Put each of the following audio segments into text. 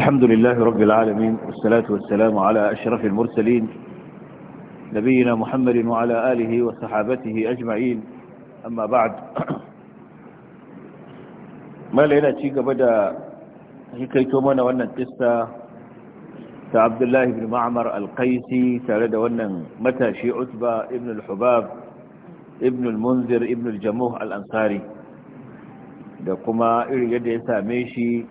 الحمد لله رب العالمين والصلاة والسلام على أشرف المرسلين نبينا محمد وعلى آله وصحابته أجمعين أما بعد ما لنا تيك بدأ حكيتم أنا وأن القصة عبد الله بن معمر القيسي تارد وأن متى شي عتبة ابن الحباب ابن المنذر ابن الجموح الأنصاري da kuma irin yadda ya same shi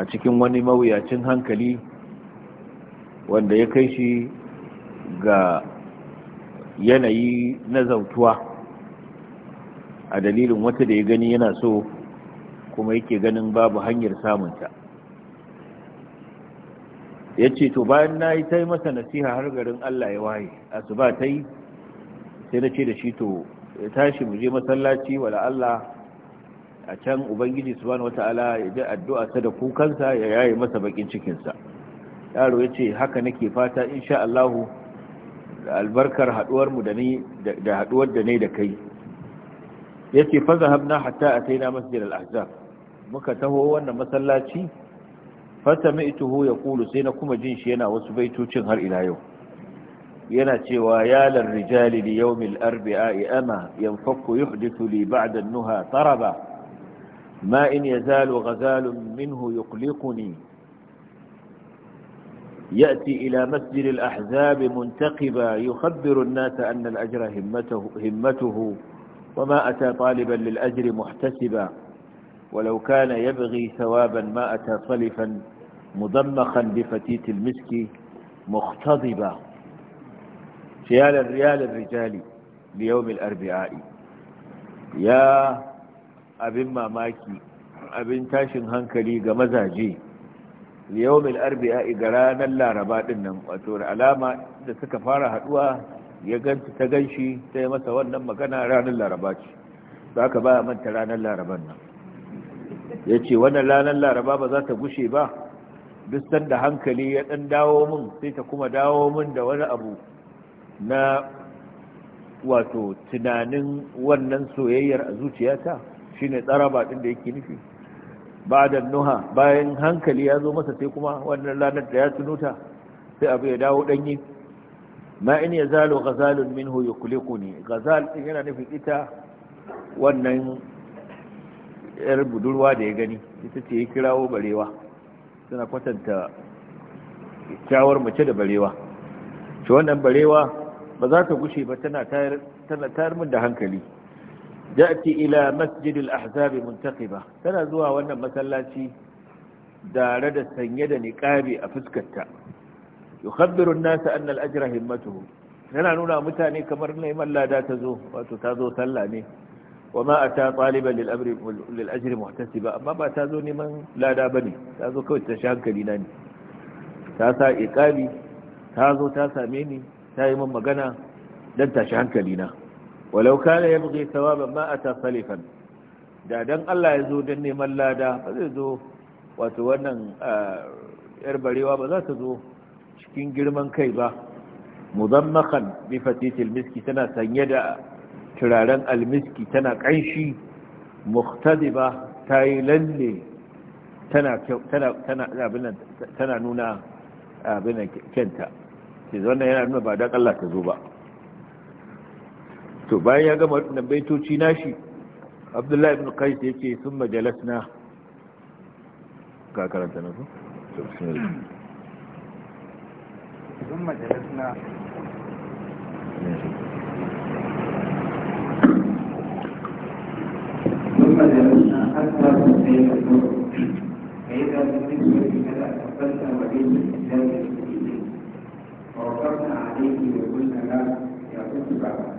a cikin wani mawuyacin hankali wanda ya kai shi ga yanayi na zautuwa a dalilin wata da ya gani yana so kuma yake ganin babu hanyar samunta ya ce to bayan na yi ta yi masa nasiha har garin Allah ya waye asuba ta yi sai na ce da shi to ya tashi mu je masallaci wala Allah a can ubangiji subhanahu wata'ala ya ji addu'a ta da kukansa ya yaye masa bakin cikinsa yaro ya ce haka nake fata insha Allah albarkar haduwar mu da ni da haduwar da ne da kai yace fa zahabna hatta ataina masjid al-ahzab muka taho wannan masallaci fa ya yaqulu sai na kuma jin shi yana wasu baitocin har ila yau yana cewa yalar rijali li yawmil arba'i ama yanfaku yuhdithu li ba'da an-nuha taraba ما إن يزال غزال منه يقلقني يأتي إلى مسجد الأحزاب منتقبا يخبر الناس أن الأجر همته, همته وما أتى طالبا للأجر محتسبا ولو كان يبغي ثوابا ما أتى صلفا مضمخا بفتيت المسك مختضبا شيال الريال الرجال ليوم الأربعاء يا abin mamaki abin tashin hankali ga mazaje mil arbi'a ga ranar laraba din nan wato alama da suka fara haduwa ya ganta ta ganshi ta yi masa wannan magana ranar laraba ce za ka ba manta ranar laraban nan ya ce wannan ranar laraba ba za ta gushe ba duk sanda hankali ya dan dawo min sai ta kuma dawo mun da wani abu na wato tunanin wannan soyayyar a zuciyata shine tsaraba din da yake nufi Ba da nuha bayan hankali ya zo masa sai kuma wannan lanar da ya tunuta sai abu ya dawo danyi ma in ya min ghazalun minhu yuqliquni ghazal din yana nufin ita wannan yar budurwa da ya gani ita ce ya kirawo barewa suna kwatanta kyawar mace da barewa shi wannan barewa ba za ta gushe ba tana tayar min da hankali ya'ti ila masjid al-ahzab muntaqiba tana zuwa wannan masallaci dare da sanye da niqabi a fuskarta yukhabbiru an-nas anna al-ajra himmatuhu tana nuna mutane kamar neman lada ta zo wato ta zo sallah ne wa ma ata taliban lil amri lil ajri muhtasiba amma ba ta zo neman lada bane ta zo kawai ta shankali na ne ta sa iqabi ta zo ta same ni ta yi min magana dan ta hankali na walau kana yabghi thawaban ma ata salifan da dan Allah ya zo dan neman lada ba zai zo wato wannan yar barewa ba za ta zo cikin girman kai ba muzammakan bi miski tana sanye da turaren almiski tana kanshi ba ta yi lalle tana nuna abinan ke zo wannan yana nuna ba don Allah ta zo ba to bayan ya gama waɗannan baitoci nashi abdullahi ibn qais yace sun majalasna ka karanta na to Sun thumma jalasna ثم yi da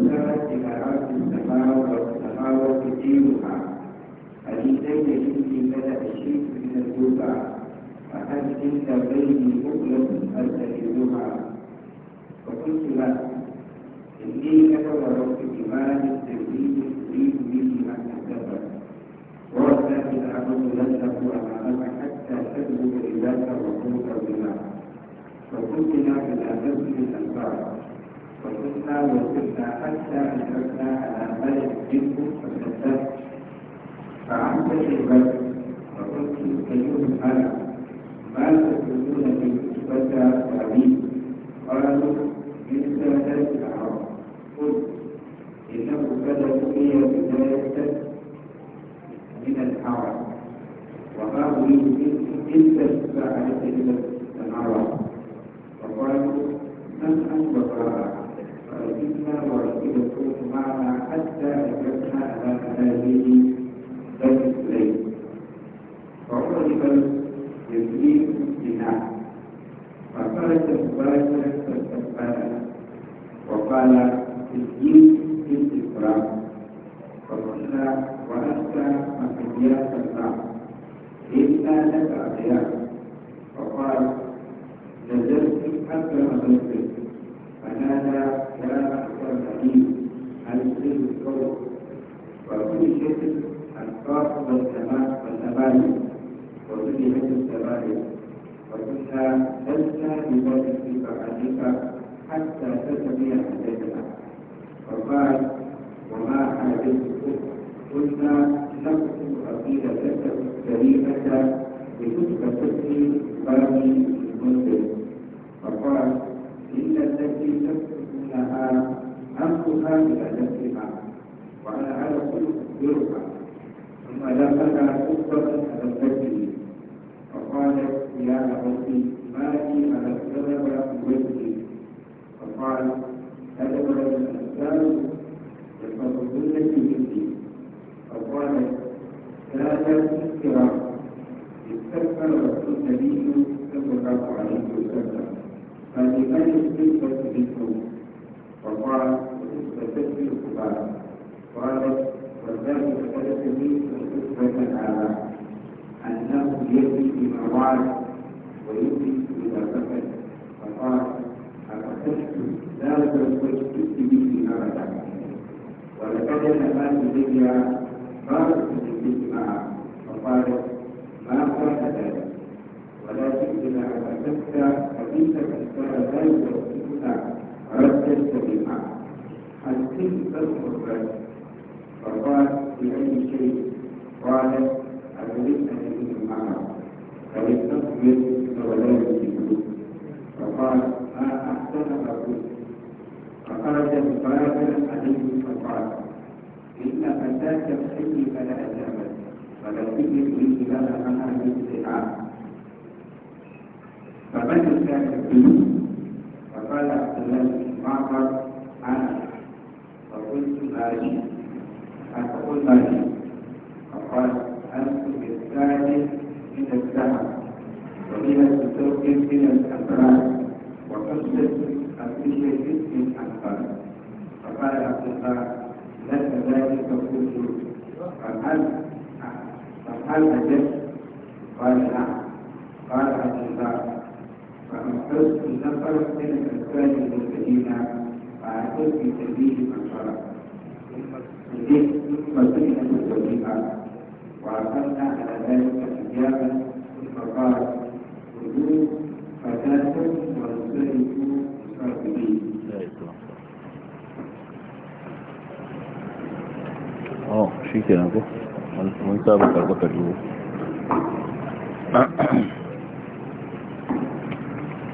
وسارت إلى السماوات والسماوات دينها حديثين إني بدأ الشيخ من الجوع فهل تلك بيني بخلة أستجدها وقلت له إني أتورط بمال التنزيل تريد به ما كتبت ورد لن لنه أمامك حتى تبلغ إليك وقوت بما وقلت له لا تبذل الأنفاق وكنا وصلنا حتى أدركنا على ملك منه فكذبت فعمت البر وقلت أيها الهلك ذكرى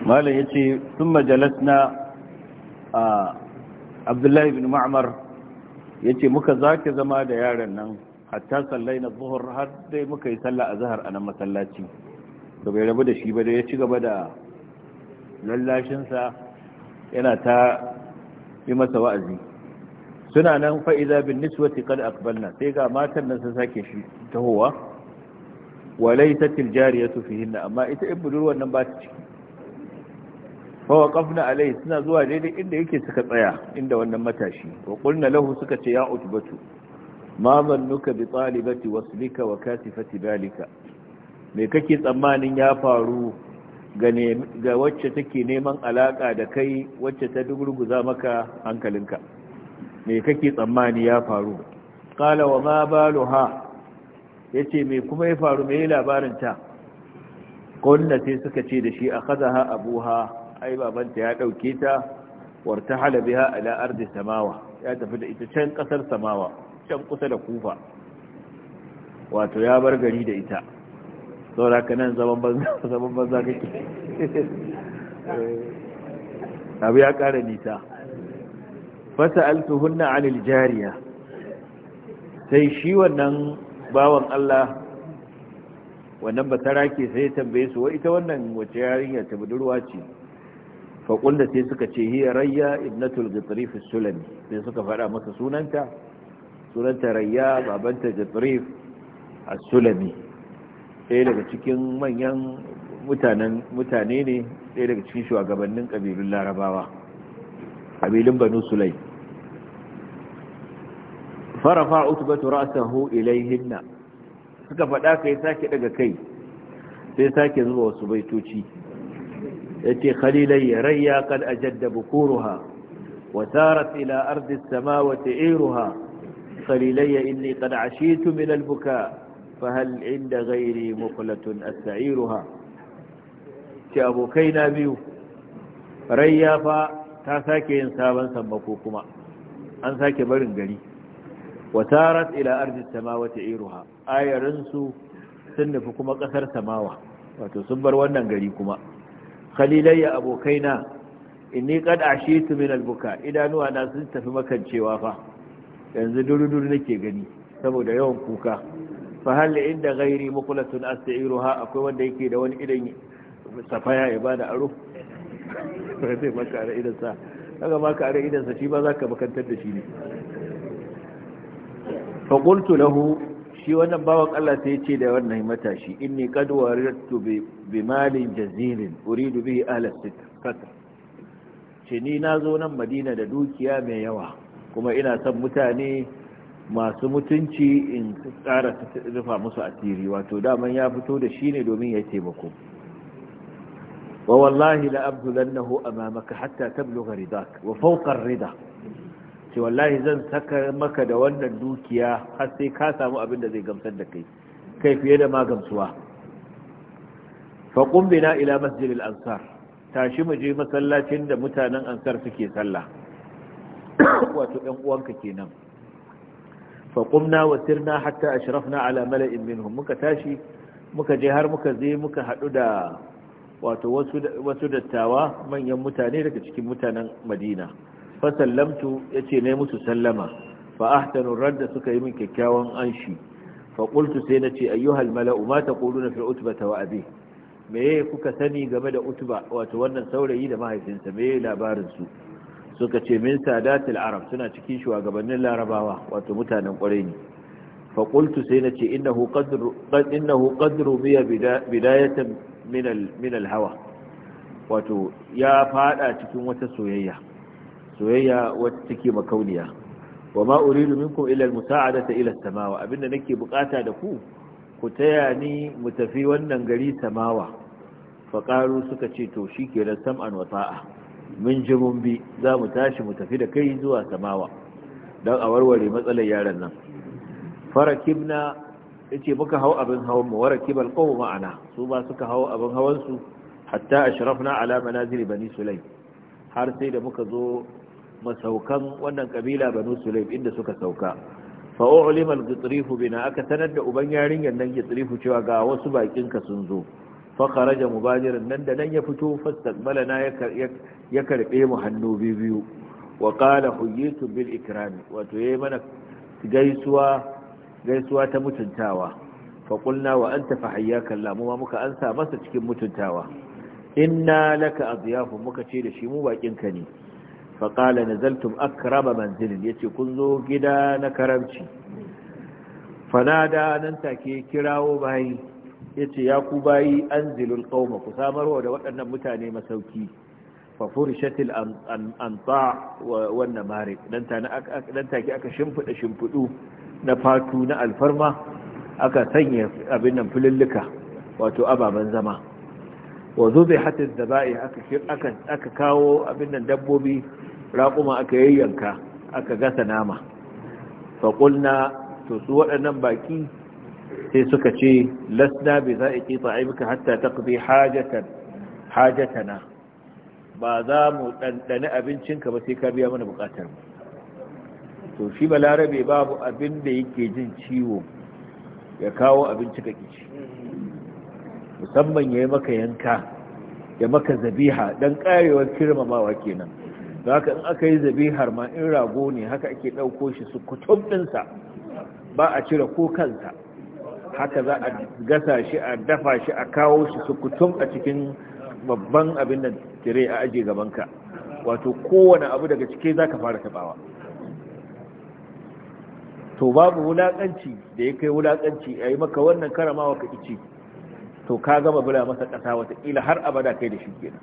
malam ya ce sun Majalis na abdullahi bin ma'amar ya ce muka zake zama da yaran nan hatta sallai na zuhur har dai muka yi sallah a zahar a nan masallaci da bai rabu da shi ba da ya ci gaba da lallashinsa yana ta yi masa wa'azi suna nan fa'iza bin niswati kad akbalna sai ga matan nan sun sake shi tahowa walai ta tiljari ya tufi hinna amma ita in budurwar nan ba ta ciki fawa kafna alai suna zuwa daidai inda yake suka tsaya inda wannan matashi wa kulna lahu suka ce ya utubatu. ma zannuka bi talibati waslika wa kasifati balika me kake tsammanin ya faru ga wacce take neman alaka da kai wacce ta dugurguza maka hankalinka me kake tsammani ya faru qala wa ma baluha yace me kuma ya faru me labarin ta kunna sai suka ce da shi abu abuha ai babanta ya dauke ta wartahala biha ala ardi samawa ya tafi da ita can kasar samawa can kusa da kufa wato ya bar gari da ita saboda ka nan zaman banza zaman banza kake abu ya ƙara nisa fasa'altuhunna 'anil jariya sai shi wannan bawan Allah wannan batara ke sai tambaye su wai ita wannan wace yarinya ta budurwa ce fa kullu sai suka ce hiya rayya ibnatul ghitrif as-sulami sai suka fada masa sunanta sunanta rayya babanta ghitrif as-sulami ɗaya daga cikin manyan mutanen mutane ne ɗaya daga cikin shugabannin ƙabilun larabawa ƙabilun banu sulai farafa utubatu ra'sahu hinna. suka faɗa kai sake daga kai sai sake zuba wasu baitoci yace khalilai rayya kad ajadda bukuruha wa sarat ila ardi samawati iruha khalilai inni qad ashitu min albuka fahal inda ghairi muqlatun astairuha ce abokai na biyu rayya fa ta sake yin sabon sammako kuma an sake barin gari watarat ila ardi samawati iruha ayarin su sun nufi kuma kasar samawa wato sun bar wannan gari kuma khalilayya abokaina inni qad ashitu min albuka idanuwa na sun tafi makancewa fa yanzu durudur nake gani saboda yawan kuka fa hal inda ghairi muqlatun astiruha akwai wanda yake da wani idan safaya ya bada aro kawai zai maka a idansa shi ba za ka makantar da shi ne faƙultu shi wannan bawan Allah sai ce da wannan matashi inni qad warirtu bi malin jazilin uridu dubi ahla sitr ce ni na zo nan Madina da dukiya mai yawa kuma ina son mutane masu mutunci in ƙara rufa musu asiri wato daman ya fito da shi ne domin ya taimako wa wallahi la abdulannahu amamaka hatta tablugha ridak wa ce wallahi zan saka maka da wannan dukiya har sai ka samu abin da zai gamsar da kai kai fiye da magamsuwa fa bina ila masjidil ansar tashi mu je masallacin da mutanen ansar suke sallah wato ɗan uwanka kenan fa qumna wa sirna hatta ashrafna ala mala'in minhum muka tashi muka je har muka zai muka hadu da wato wasu dattawa manyan mutane daga cikin mutanen madina fasallamtu ya ce na musu sallama fa ahsanu radda suka yi min kyakkyawan anshi fa qultu sai na ce ayyuhal mala'u ma taquluna fi utbata wa abi meye kuka sani game da utba wato wannan saurayi da mahaifinsa meye labarin su suka ce min sadatul arab suna cikin shugabannin larabawa wato mutanen ƙwarai ne fa qultu sai na ce innahu qadru innahu qadru biya bidayatan min alhawa wato ya fada cikin wata soyayya soyayya wacce take makauniya wa ma uridu minkum illa almusa'adata ila samawa abinda nake bukata da ku ku taya ni mu tafi wannan gari samawa faqaru suka ce to shikenan sam'an wa ta'a mun ji mun bi za mu tashi mu tafi da kai zuwa samawa don a warware matsalar yaran nan farakibna yace muka hau abin hawan mu waraki bal kowa ma'ana su ba suka hau abin hawan su hatta ashrafna na manazil bani sulai har sai da muka zo masaukan wannan kabila banu sulaim inda suka sauka fa ulima al bina aka sanar da uban yarinyar nan gitrifu cewa ga wasu bakin ka sun zo fa kharaja mubajiran nan da nan ya fito na ya karbe mu hannu biyu wa qala huyitu bil ikrami wato yayi mana gaisuwa gaisuwa ta mutuntawa faƙulna wa an tafi hayyakan lamuwa muka ansa masa cikin mutuntawa inna laka aziyafu muka ce da shi mu baƙinka ne faƙala na zaltun akraba manzilin ya ce kun zo gida na karamci fanada nan take kirawo bayi ya ce ya ku bayi an zilul ƙauma ku samarwa da waɗannan mutane masauki fafurishatil anta wannan mare nan take aka shimfiɗa shimfiɗu na fatu na alfarma aka sanya abin nan wato ababen zama wa zube hatin da aka kawo abin nan dabbobi raƙuma aka yayyanka aka gasa nama faƙulna to su waɗannan baƙi sai suka ce lasna bi za a ƙi tsa'imka hatta ta ƙi hajatana ba za mu ɗanɗani abincinka ba sai ka biya mana buƙatar mu to shi balarabe babu abin da yake jin ciwo ya kawo abinci ka kici musamman ya yi maka yanka ya maka zabiha don karewar kirmamawa kenan Za haka in aka yi zabihar ma in rago ne haka ake ɗauko shi su kutum ɗinsa ba a cire ko kansa haka za a gasa shi a dafa shi a kawo shi su kutum a cikin babban abin da tire a aje gabanka wato kowane abu daga cike zaka fara taɓawa to babu wulaƙanci da ya kai wulaƙanci a yi maka wannan karamawa ka ici to ka gama bula masa ƙasa watakila har abada kai da shi kenan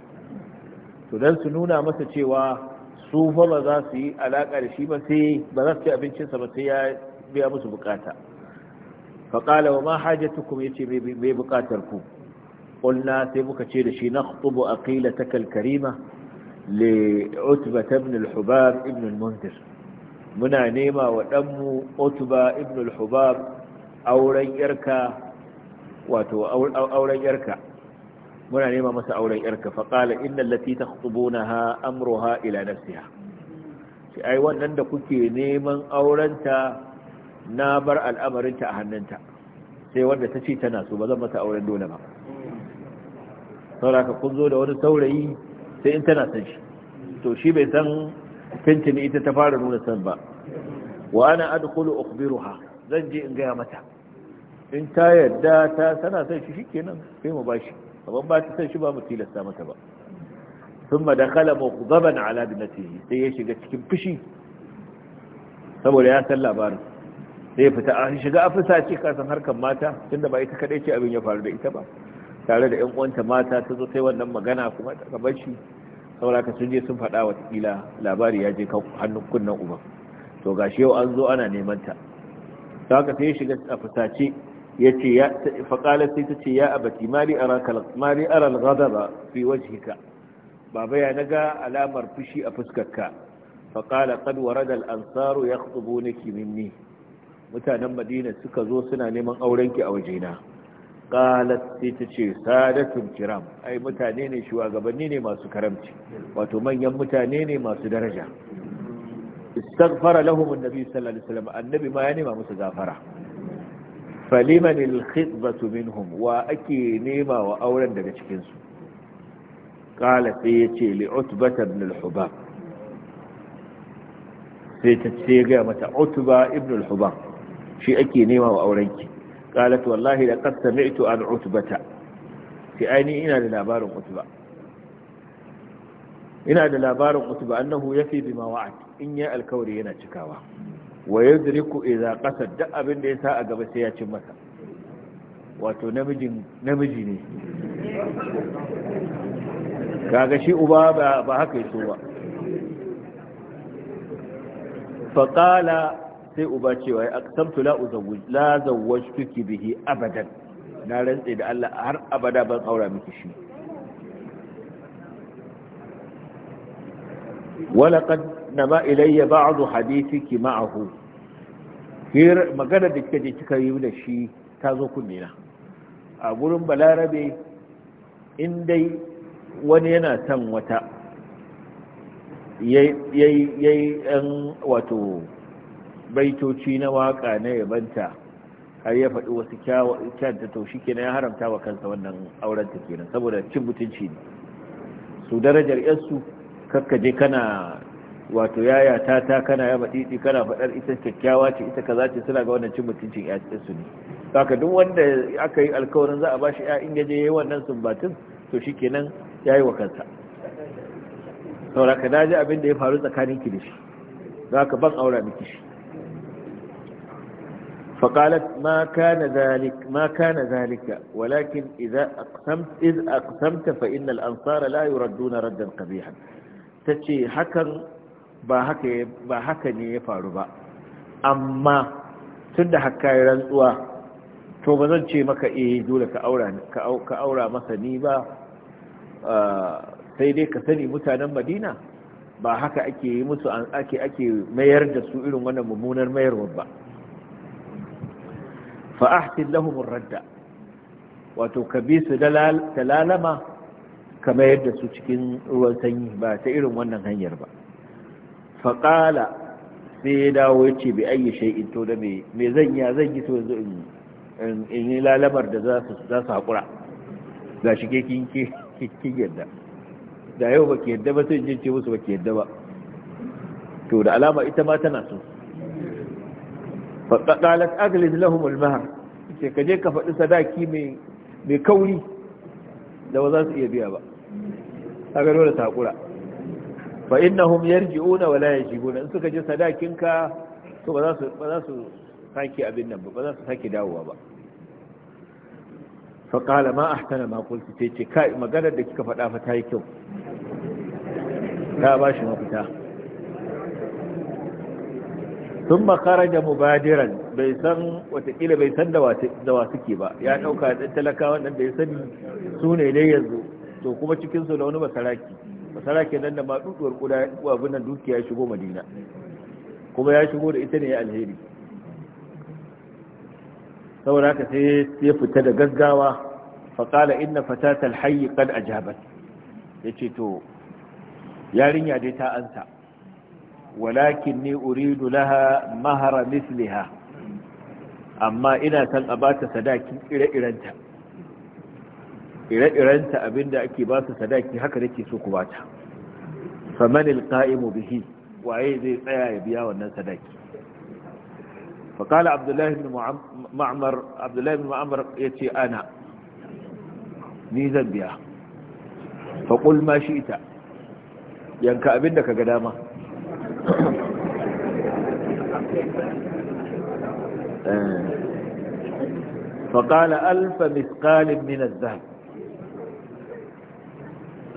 to don su nuna masa cewa su fa ba za su yi alaƙa da shi ba sai ba za su ci abincinsa ba sai ya biya musu bukata faƙala wa ma hajjatukum ya ce mai buƙatar ku ƙulna sai muka ce da shi na ƙubu aƙila ta kalkarima le utbata ibn al hubar ibn al-mundir muna nema wa ɗanmu otuba ibn al-hubab auren yarka wato auren yarka muna nema masa auren yarka faƙala inna lati ta ha amruha ila nafsiha shi ai wannan da kuke neman aurenta na bar al'amarinta a hannunta sai wanda ta ce tana so ba zan mata auren dole ba sauraka kun zo da wani saurayi sai in tana san shi to shi bai san tantini ita ta fara nuna san ba wa ana adkhulu Okbiruha? zan je in gaya mata in ta yadda ta tana son shi shikenan sai mu bashi amma ba ta san shi ba mu tilasta mata ba thumma dakhala mughdaban ala binatihi sai ya shiga cikin fushi saboda ya san labarin sai ya fita a shiga afisa kasan harkar mata tunda ba ita kadai ce abin ya faru da ita ba tare da yan uwanta mata ta zo sai wannan magana kuma ta gaban shi saboda sun je sun faɗa wa kila labari ya je hannun kunnen uban to gashi yau an zo ana neman ta saka sai shiga a fusace yace ya Faƙala sai tace ya abati mali araka mali ara al-ghadaba baba ya naga alamar fushi a fuskarka faqala ansaro ya al na kimin minni mutanen madina suka zo suna neman aurenki a wajena qalat sai ta ce sadatul kiram ai mutane ne shugabanni ne masu karamci wato manyan mutane ne masu daraja istaghfara lahum annabi sallallahu alaihi wasallam annabi ma ya nema musu gafara falimanil khitbatu minhum wa ake nema wa auren daga cikin su qala sai yace li utbata ibn al-hubab sai ta ce ga mata utba ibn al-hubab shi ake nema wa aurenki qalat wallahi laqad sami'tu an utbata sai aini ina da labarin utba ina da labarin utba annahu yafi bima wa'ad in ya alkawari yana cikawa wa yadriku idza qasad da abin da ya sa a gaba sai ya cin masa wato namiji ne kaga shi uba ba haka yaso ba faqala sai uba cewa ya aqsamtu la uzawwij la ki bihi abadan na rantsa da Allah har abada ban aura miki shi walaqad nama ilayya ba'd hadithiki ma'ahu hir magana da kike kika yi da shi ta zo kunne na a gurin balarabe in dai wani yana san wata yayi yayi wato baitoci na waka na yabanta har ya faɗi wasu kyanta to shi kenan ya haramta wa kansa wannan ta kenan saboda cin mutunci ne su darajar yansu kakkaje kana wato yaya ta ta kana yaba titi kana faɗar ita kyakkyawa ce ita kaza ce suna ga wannan cin mutuncin yansu ne haka duk wanda aka yi alkawarin za a bashi shi ya'in gaje yayi wannan sumbatin to shi kenan ya yi wa kansa saboda ka daji abin da ya faru tsakanin ki da shi za ka ban aura miki shi فقالت ما كان ذلك ما كان ذلك ولكن إذا أقسمت إذ أقسمت فإن الأنصار لا يردون ردا قبيحا تشي حكا ne ya faru ba amma tunda hakka ya rantsuwa to ba zan ce maka eh dole ka aura ka masa ni ba sai dai ka sani mutanen Madina ba haka ake yi musu ake mayar da su irin wannan mummunar mayarwa ba fa ahsin lahum radda wato ka bi su talalama ka mayar da su cikin ruwan sanyi ba ta irin wannan hanyar ba fa qala sai ya dawo ya ce bi ayi shay'in to da me me zan ya zan yi to yanzu in in yi lalamar da za su za su hakura ga shi ke kin yadda da yau baki yadda ba sai in ce musu baki yadda ba to da alama ita ma tana so faƙaƙalat aglis lahum almahar ce ka je ka faɗi sadaki mai kauri da ba za su iya biya ba a gano da takura fa innahum yarji'una wala ya yajibuna in suka je sadakin ka to ba za su ba saki abin nan ba ba za su saki dawowa ba fa qala ma ahsana ma qulti ce kai maganar da kika faɗa fa ta yi kyau ta ba shi mafita sun makara da mubadiran bai san watakila bai san da wasu ke ba ya ɗauka ɗan talaka nan ya sani su ne dai yanzu to kuma cikinsu da wani masaraki masaraki nan da maɗuɗuwar kuda abin nan dukiya ya shigo madina kuma ya shigo da ita ne ya alheri saboda ka sai ya fita da gaggawa faƙala inna fatatal hayyi kan ajabat ce to yarinya dai ta ansa walakinni uridu laha mahara misliha amma ina san a bata sadaki ire-irenta ire-irenta abinda ake ba su sadaki haka nake so ku bata famanil qa'imu bihi waye zai tsaya biya wannan sadaki فقال عبد الله بن معمر عبد الله بن معمر يتي ni zan biya faƙul ma shi ita yanka abin da ka ga dama فقال ألف مثقال من الذهب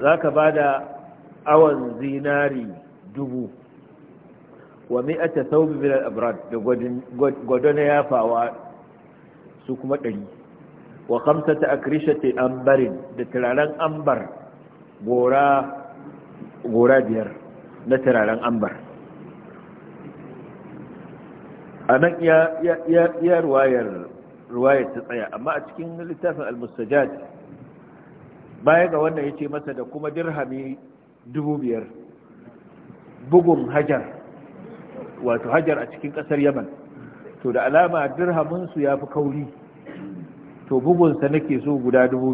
ذاك بعد أول زيناري دبو ومئة ثوب من الأبراد قدنا يا فاوات سكمة لي وخمسة أكرشة أنبر دتلالان أنبر غورا غورا دير دتلالان أنبر a nan ya ruwayar ta tsaya amma a cikin littafin al-mustajad baya ga wannan ya ce masa da kuma dirhami dubu bugun hajar wato hajar a cikin ƙasar yaman to da alama dirhaminsu ya fi kauri to bugunsa nake so guda dubu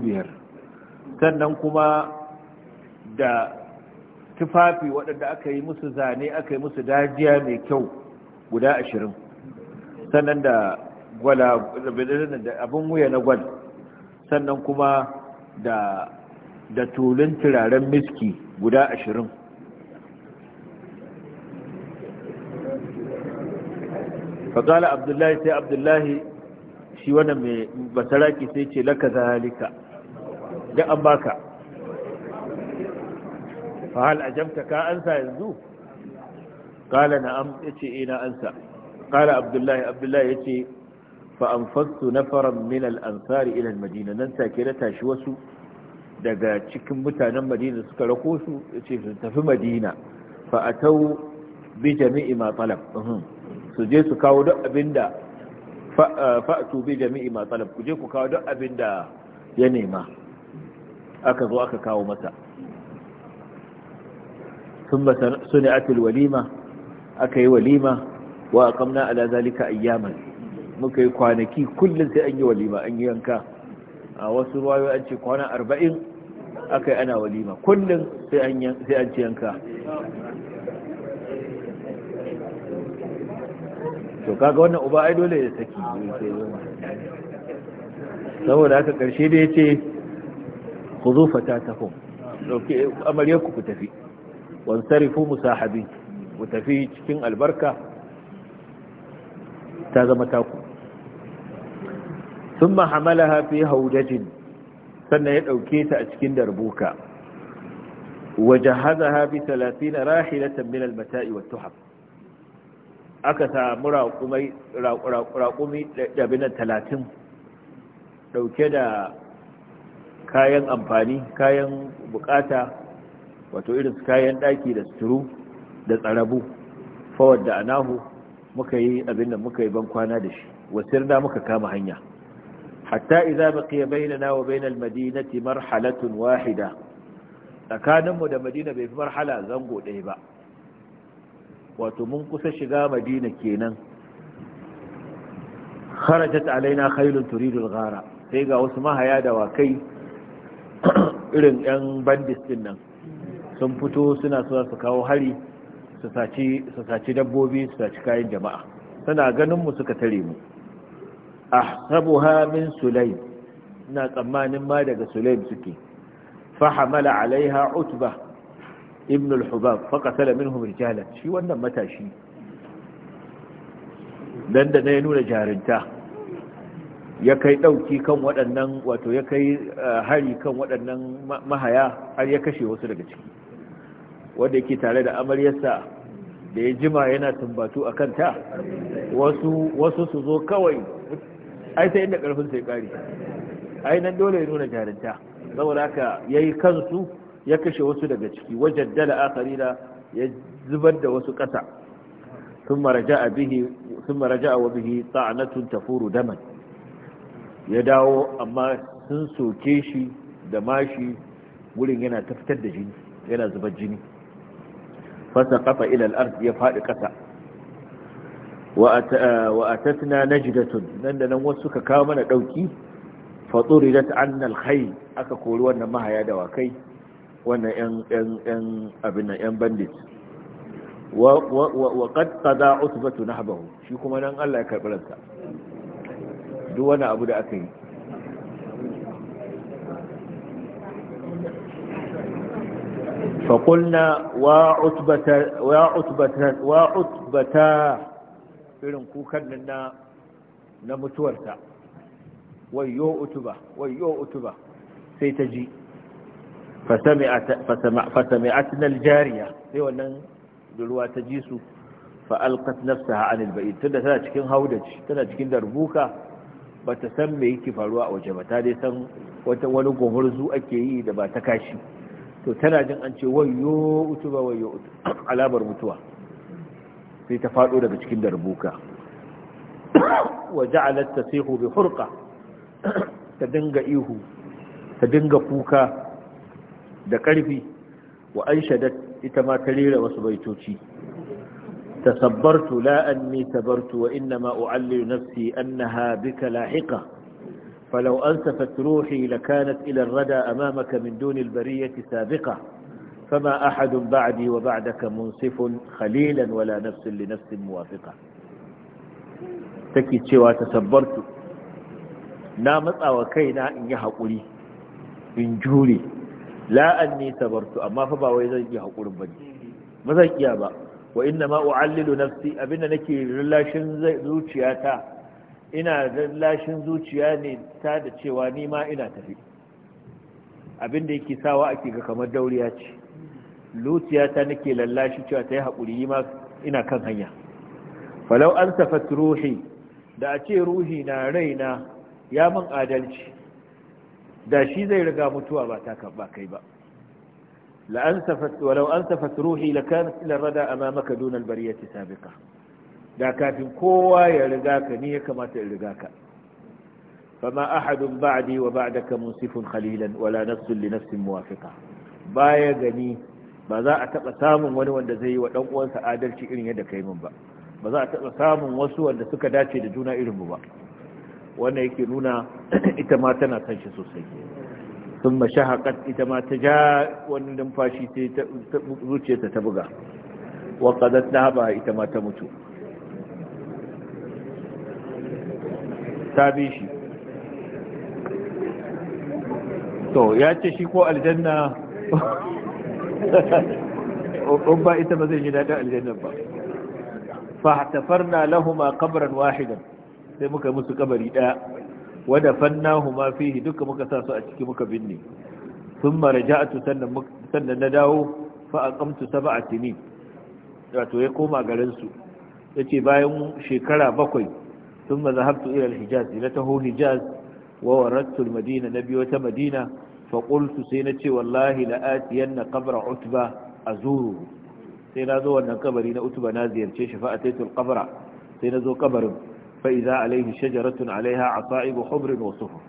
sannan kuma da tufafi waɗanda aka yi musu zane aka yi musu dajiya mai kyau guda ashirin sannan da gwala da abin wuya na gwal sannan kuma da da tulun turaren miski guda ashirin faƙala abdullahi sai abdullahi shi wanda mai basaraki sai ce laka halika da an baka fahal ajamta ka ansa yanzu ƙala eh, na am ce ina ansa قال عبد الله عبد الله يتي فأنفضت نفرا من الأنصار إلى المدينة ننسى كده تاشوسو daga cikin mutanen madina suka rako su ce su tafi madina fa bi jami'i ma su je su kawo duk abinda fa'atu ku je ku kawo ya nema aka zo aka kawo masa sun suni'atul walima aka yi walima wa aqamna ala zalika ayyaman muka yi kwanaki kullum sai an yi walima an yi yanka a wasu ruwayo an ce kwana arba'in aka yi ana walima kullum sai an ci yanka to kaga wannan uba ai dole ya saki saboda haka karshe da ya ce ku zufa fata ta kun ɗauki amaryar ku ku tafi wansarifu musahabi ku tafi cikin albarka ta zama taku sun mahamalaha fi haujajin sannan ya ɗauke ta a cikin darbuka waje haza hafi talatina na min mata'i wa tuhaf aka samu raƙumi ɗabinan talatin ɗauke da kayan amfani kayan bukata wato irin kayan ɗaki da suturu da tsarabu fawar da anahu muka yi abin da muka yi ban kwana da shi wasirna muka kama hanya hatta idza baqiya bainana wa bainal madinati marhalatun wahida tsakaninmu da madina bai fi marhala zango ɗaya ba wato mun kusa shiga madina kenan kharajat alaina khailun turidul ghara sai ga wasu mahaya da wakai irin yan bandits din nan sun fito suna so su kawo hari su saci dabbobi su saci kayan jama'a suna ganin mu suka tare mu ahsabuha min sulaim na tsammanin ma daga sulaim suke fahamala alaiha utba ibn al-hubab Salamin, minhum rijala shi wannan matashi dan da ya nuna jarinta ya kai dauki kan waɗannan wato ya kai eh, hari kan waɗannan mahaya har ya kashe wasu daga ciki wanda yake tare da amaryarsa da ya jima yana tumbatu a kanta wasu wasu su zo kawai ai sai inda karfin sai kare ai nan dole ya nuna jarinta saboda haka yayi kansu ya kashe wasu daga ciki wajen wajaddala da ya zubar da wasu kasa sun maraja a wabihi رجع وبه طعنة tafuru daman ya dawo amma sun soke shi da mashi wurin yana tafitar da jini yana zubar jini فسقط إلى الأرض يفعل قسع وأت... وأتتنا نجدة لأننا نوسك كامنا دوكي فطردت عنا الخيل أكقول وأن ما هي دواكي وأن ين... ين... ين... أبن ينبندت و... و... و... وقد قضى عتبة نحبه شيكم أن الله يكبرنسا دون أبو دأكي فقلنا wa utbata irin kukan nan na na mutuwarta wayo utuba wayo utuba sai ta ji fasami'atna aljariya sai wannan ruwa ta ji su alqat nafsaha anil ba'id tunda tana cikin haudaci tana cikin darbuka bata san me yake faruwa a waje ba ta dai san wata wani gumurzu ake yi da ba ta kashi to tana jin an ce wayo utuba wayo utuba alamar mutuwa sai ta faɗo daga cikin darbuka wa ja'alat tasihu bi hurqa ta dinga ihu ta dinga kuka da ƙarfi wa anshadat ita ma ta rera wasu baitoci tasabbartu la anni tabartu wa inna ma u'allilu nafsi annaha bika lahiqa فلو أنسفت روحي لكانت إلى الردى أمامك من دون البرية سابقة فما أحد بعدي وبعدك منصف خليلا ولا نفس لنفس موافقة تكي تشوى تسبرت نامت وكينا إن يحقلي إن جولي لا أني سبرت أما فبا وإذا يحقل بني ماذا يابا وإنما أعلل نفسي أبن نكي لله شنزي ذو ina lashin zuciya ne ta da cewa ni ma ina tafi abinda yake sawa ake ga kamar dauriya ce zuciya ta nake lallashi cewa ta yi haƙuri ma ina kan hanya falau an safat ruhi da a ce ruhi na raina ya min adalci da shi zai riga mutuwa ba ta ba kai ba la'an safat walau an safat ruhi lakana ila rada amamaka dunal bariyati sabiqa da kafin kowa ya riga ka ni ya kamata ya riga ka fama ahadun ba'di wa ba'daka munsifun khalilan wala nafsun li nafsin muwafiqa baya gani ba za a taba samun wani wanda zai yi wa dan uwansa adalci irin yadda kai min ba ba za a taba samun wasu wanda suka dace da juna irin mu ba wannan yake nuna ita ma tana san shi sosai sun mashahaqat ita ma ta ja wani numfashi sai zuciyarta ta buga wa qadat ita ma ta mutu ta shi to ya ce shi ko aljanna ɗan ba ita ba zai ji daɗin aljanna ba na lahuma kabaran wahidan sai muka musu kabari daya wada huma fihi duka muka sa su a ciki muka binne thumma raja'tu sannan sannan na dawo fa aqamtu sab'a da wato ya koma garin su ce bayan shekara bakwai ثم ذهبت إلى الحجاز لته حجاز ووردت المدينة نبي وتمدينة فقلت سينتي والله لآتين قبر عتبة أزوره سينازو أن قبرين أتبة نازيا فأتيت القبر سينازو قبر فإذا عليه شجرة عليها عصائب حبر وصفر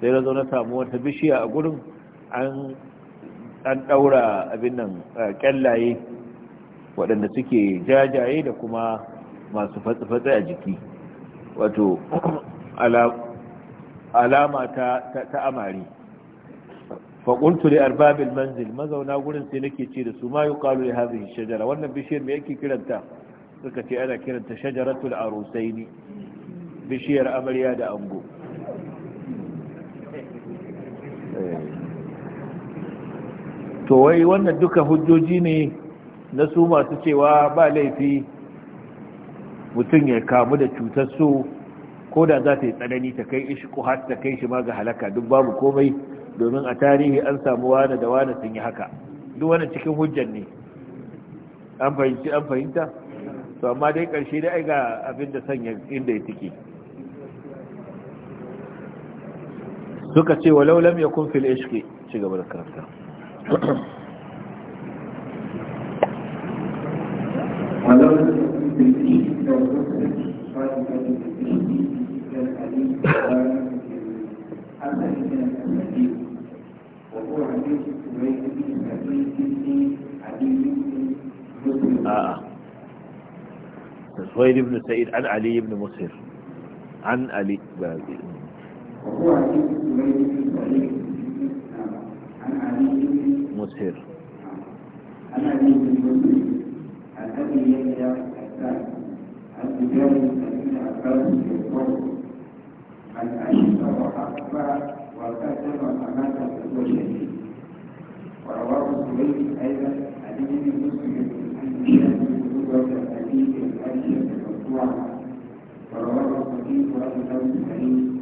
سينازو نسامون فبشي أقول عن an ɗaura abin nan ƙyallaye waɗanda suke jajaye da kuma masu fatsi-fatsi a jiki wato alama ta amari faƙuntu da arbabil manzil mazauna gurin sai nake ce da su ma yi ƙalu da hazin shajara wannan bishiyar me yake kiranta suka ce ana kiranta shajaratul arusaini bishiyar amarya da ango eh. to wai wannan duka hujjoji ne na su masu cewa ba laifi mutum ya kamu da cutar so ko da za ta yi tsanani ta kai ishi ko har ta kai shi ma ga halaka duk babu komai domin a tarihi an samu wani da wani sun yi haka duk wani cikin hujjar ne an fahimci an fahimta to amma dai karshe dai ai ga abin da sanya inda ya tike suka ce walau lam yakun fil ishqi ci gaba da karanta سويد بن سعيد عن علي بن مسهر عن علي بازي وهو حديث بن سعيد عن علي بن مسهر عن علي بن مسهر عن النساء عن رجال الذين أكلوا في القرب عن أشد وأكبر وكتب أمات بكل شيء ورواه الزبير أيضا عن ابن مسلم عن هشام بن عروة أبيه عائشة المرفوعة ورواه الخطيب وأبو سعيد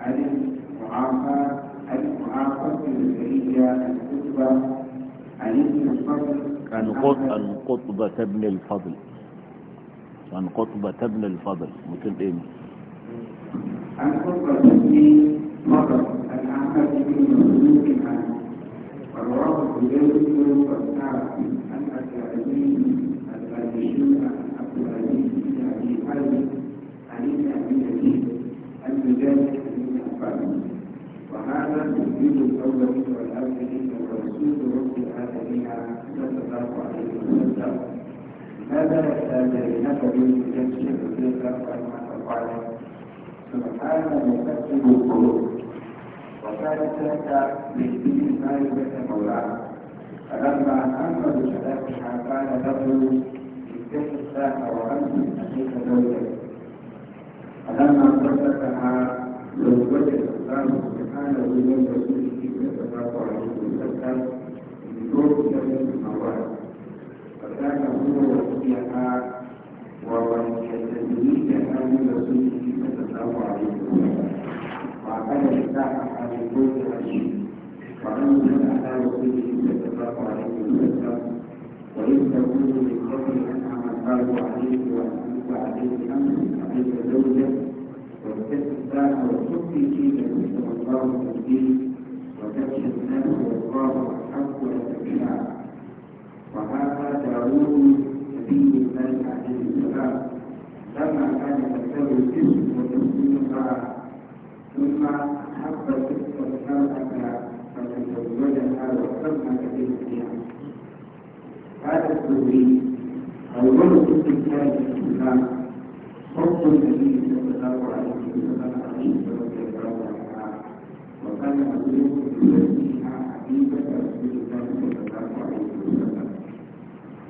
عن المعافى عن المعافى بن زكريا الخطبة عن ابن الفضل عن القطبة بن الفضل عن قطبة بن الفضل mutum ايه عن قطبة بن الفضل عن أحمد بن عن رواه الزبير بن فتاح عن أسعدي الفاتحي عن عبد بن أبي حازم عن ابن أبي يزيد عن مجاهد بن عباس وهذا تفسير الأول والآخر والرسول رب العالمين صلى الله عليه وسلم ماذا يستاذنك به تكشف تلك الكلمة القادمة سبحانه يكتب القلوب وكانت لك بالدين ما يبت مولاه فلما أمر بشهادتها قال له افتح الساعة وأنت أخيك زوجك فلما صدقها زوجته الله سبحانه من رسوله صلى الله عليه وسلم بدور كلمة المواد تتابعون وصيها وتزويد أهل رسول الله صلى الله عليه وسلم وعقد نكاحها من زوجها الشيخ وأنزل على رسوله صلى الله عليه وسلم وإن من قبل أن أمر عليه وأنزل عليه أمر عليه زوجه واتقي الله وتخفي فيك صلى الله عليه وتخشى الناس والله أحق أن تخشاه داوود نبي الملك عليه السلام لما كان يستوي الكسب وتسليم الطاعه ثم احب الكسب المراه فتزوجها واستغنى كثير فيها هذا الزهري اول في كان الاسلام حب النبي صلى الله عليه وسلم عليه رضي الله عنها وكان مبلوغ بحبها حبيبه رسول الله صلى الله عليه وسلم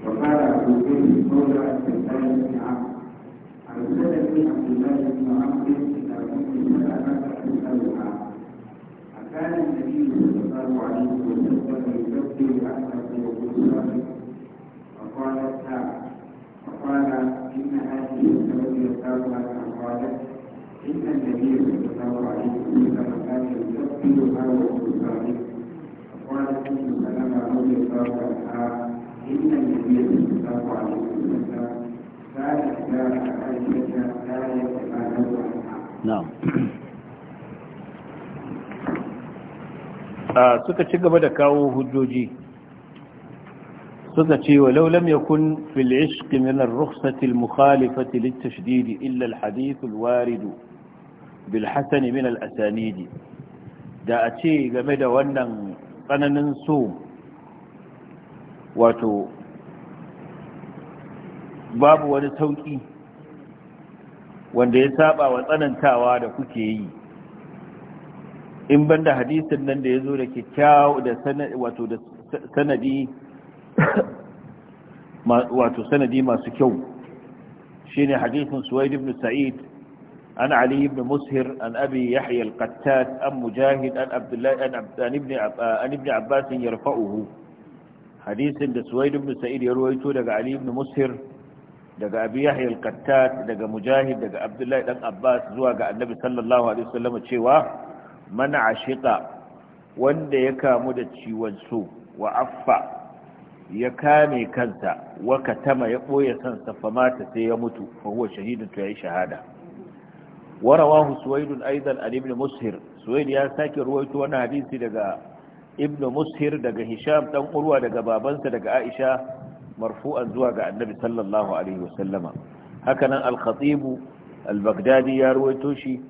وقال أبو بكر مولى عبد الله بن عمرو عن عبد الله بن عمرو إلى أم سلمة تسألها أكان النبي صلى الله عليه وسلم يذكر أحمد وأبو صالح فقالت نعم فقال إن هذه رضي الله عنها قالت إن النبي صلى الله عليه وسلم كان يذكرها وأبو صالح فقالت أم سلمة رضي الله عنها نعم suka ci gaba da kawo hujjoji suka ce wa walau lam yakun fil ishq min ar-rukhsati al-mukhalifati lit-tashdid illa al-hadith al-warid bil hasan min al-asanid da a ce game da wannan tsananin so wato babu wani sauƙi wanda ya saba wa tsanantawa da kuke yi in banda hadisin nan da ya zo da kyakkyawa da wato sanadi wato sanadi masu kyau shine hadisin suwaid ibn sa'id an ali ibn mushir an abi yahya al-qattat an mujahid an abdullah an ibn abbas yarfa'uhu hadisin da suwaid ibn sa'id ya ruwaito daga ali ibn musir daga abi yahya al-qattat daga mujahid daga abdullahi dan abbas zuwa ga annabi sallallahu alaihi wasallam cewa man ashiqa wanda ya kamu da ciwon so wa affa ya kame kansa wa katama ya boye sansa fa mata sai ya mutu fa huwa shahidun to yayi shahada wa rawahu suwaid aidan an ibn mushir suwaid ya sake ruwaito wannan hadisi daga ibn mushir daga hisham dan urwa daga babansa daga aisha marfu'an zuwa ga annabi sallallahu alaihi wasallama hakanan al-khatib al-baghdadi ya ruwaito shi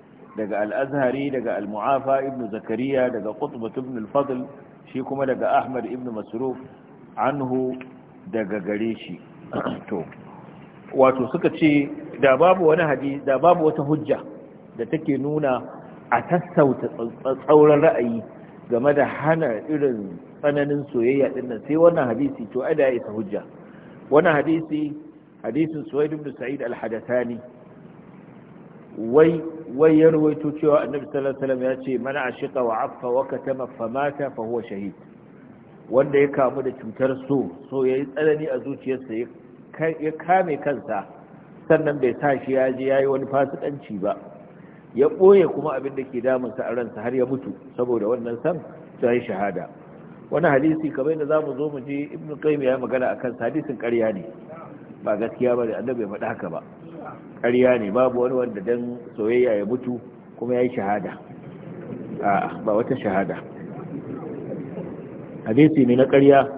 daga al-azhari daga al-mu'afa ibn zakariya daga qutbah ibn al-fadl shi kuma daga ahmad ibn masruf anhu daga gare shi to wato suka ce da babu wani hadisi da babu wata hujja da take nuna a tassauta tsauran ra'ayi game da hana irin tsananin soyayya din nan sai wannan hadisi to ai da ya isa hujja wannan hadisi hadisin Suwaid ibn Sa'id al-Hadathani wai wai ya rawaito cewa Annabi sallallahu alaihi wasallam ya ce man ashiqa wa affa wa katama fa mata fa huwa shahid wanda ya kamu da cutar so so yayi tsanani a zuciyarsa ya kame kansa sannan bai sa shi ya je yayi wani fasikanci ba ya ɓoye kuma abin da ke damunsa a ransa har ya mutu saboda wannan san ta yi shahada wani hadisi kamar yadda za mu zo mu je, Ibnu qayyim ya magana akan hadisin ƙarya ne ba gaskiya ba da annabi bai faɗa haka ba ƙarya ne babu wani wanda dan soyayya ya mutu kuma ya yi shahada a ba wata shahada hadisi ne na ƙarya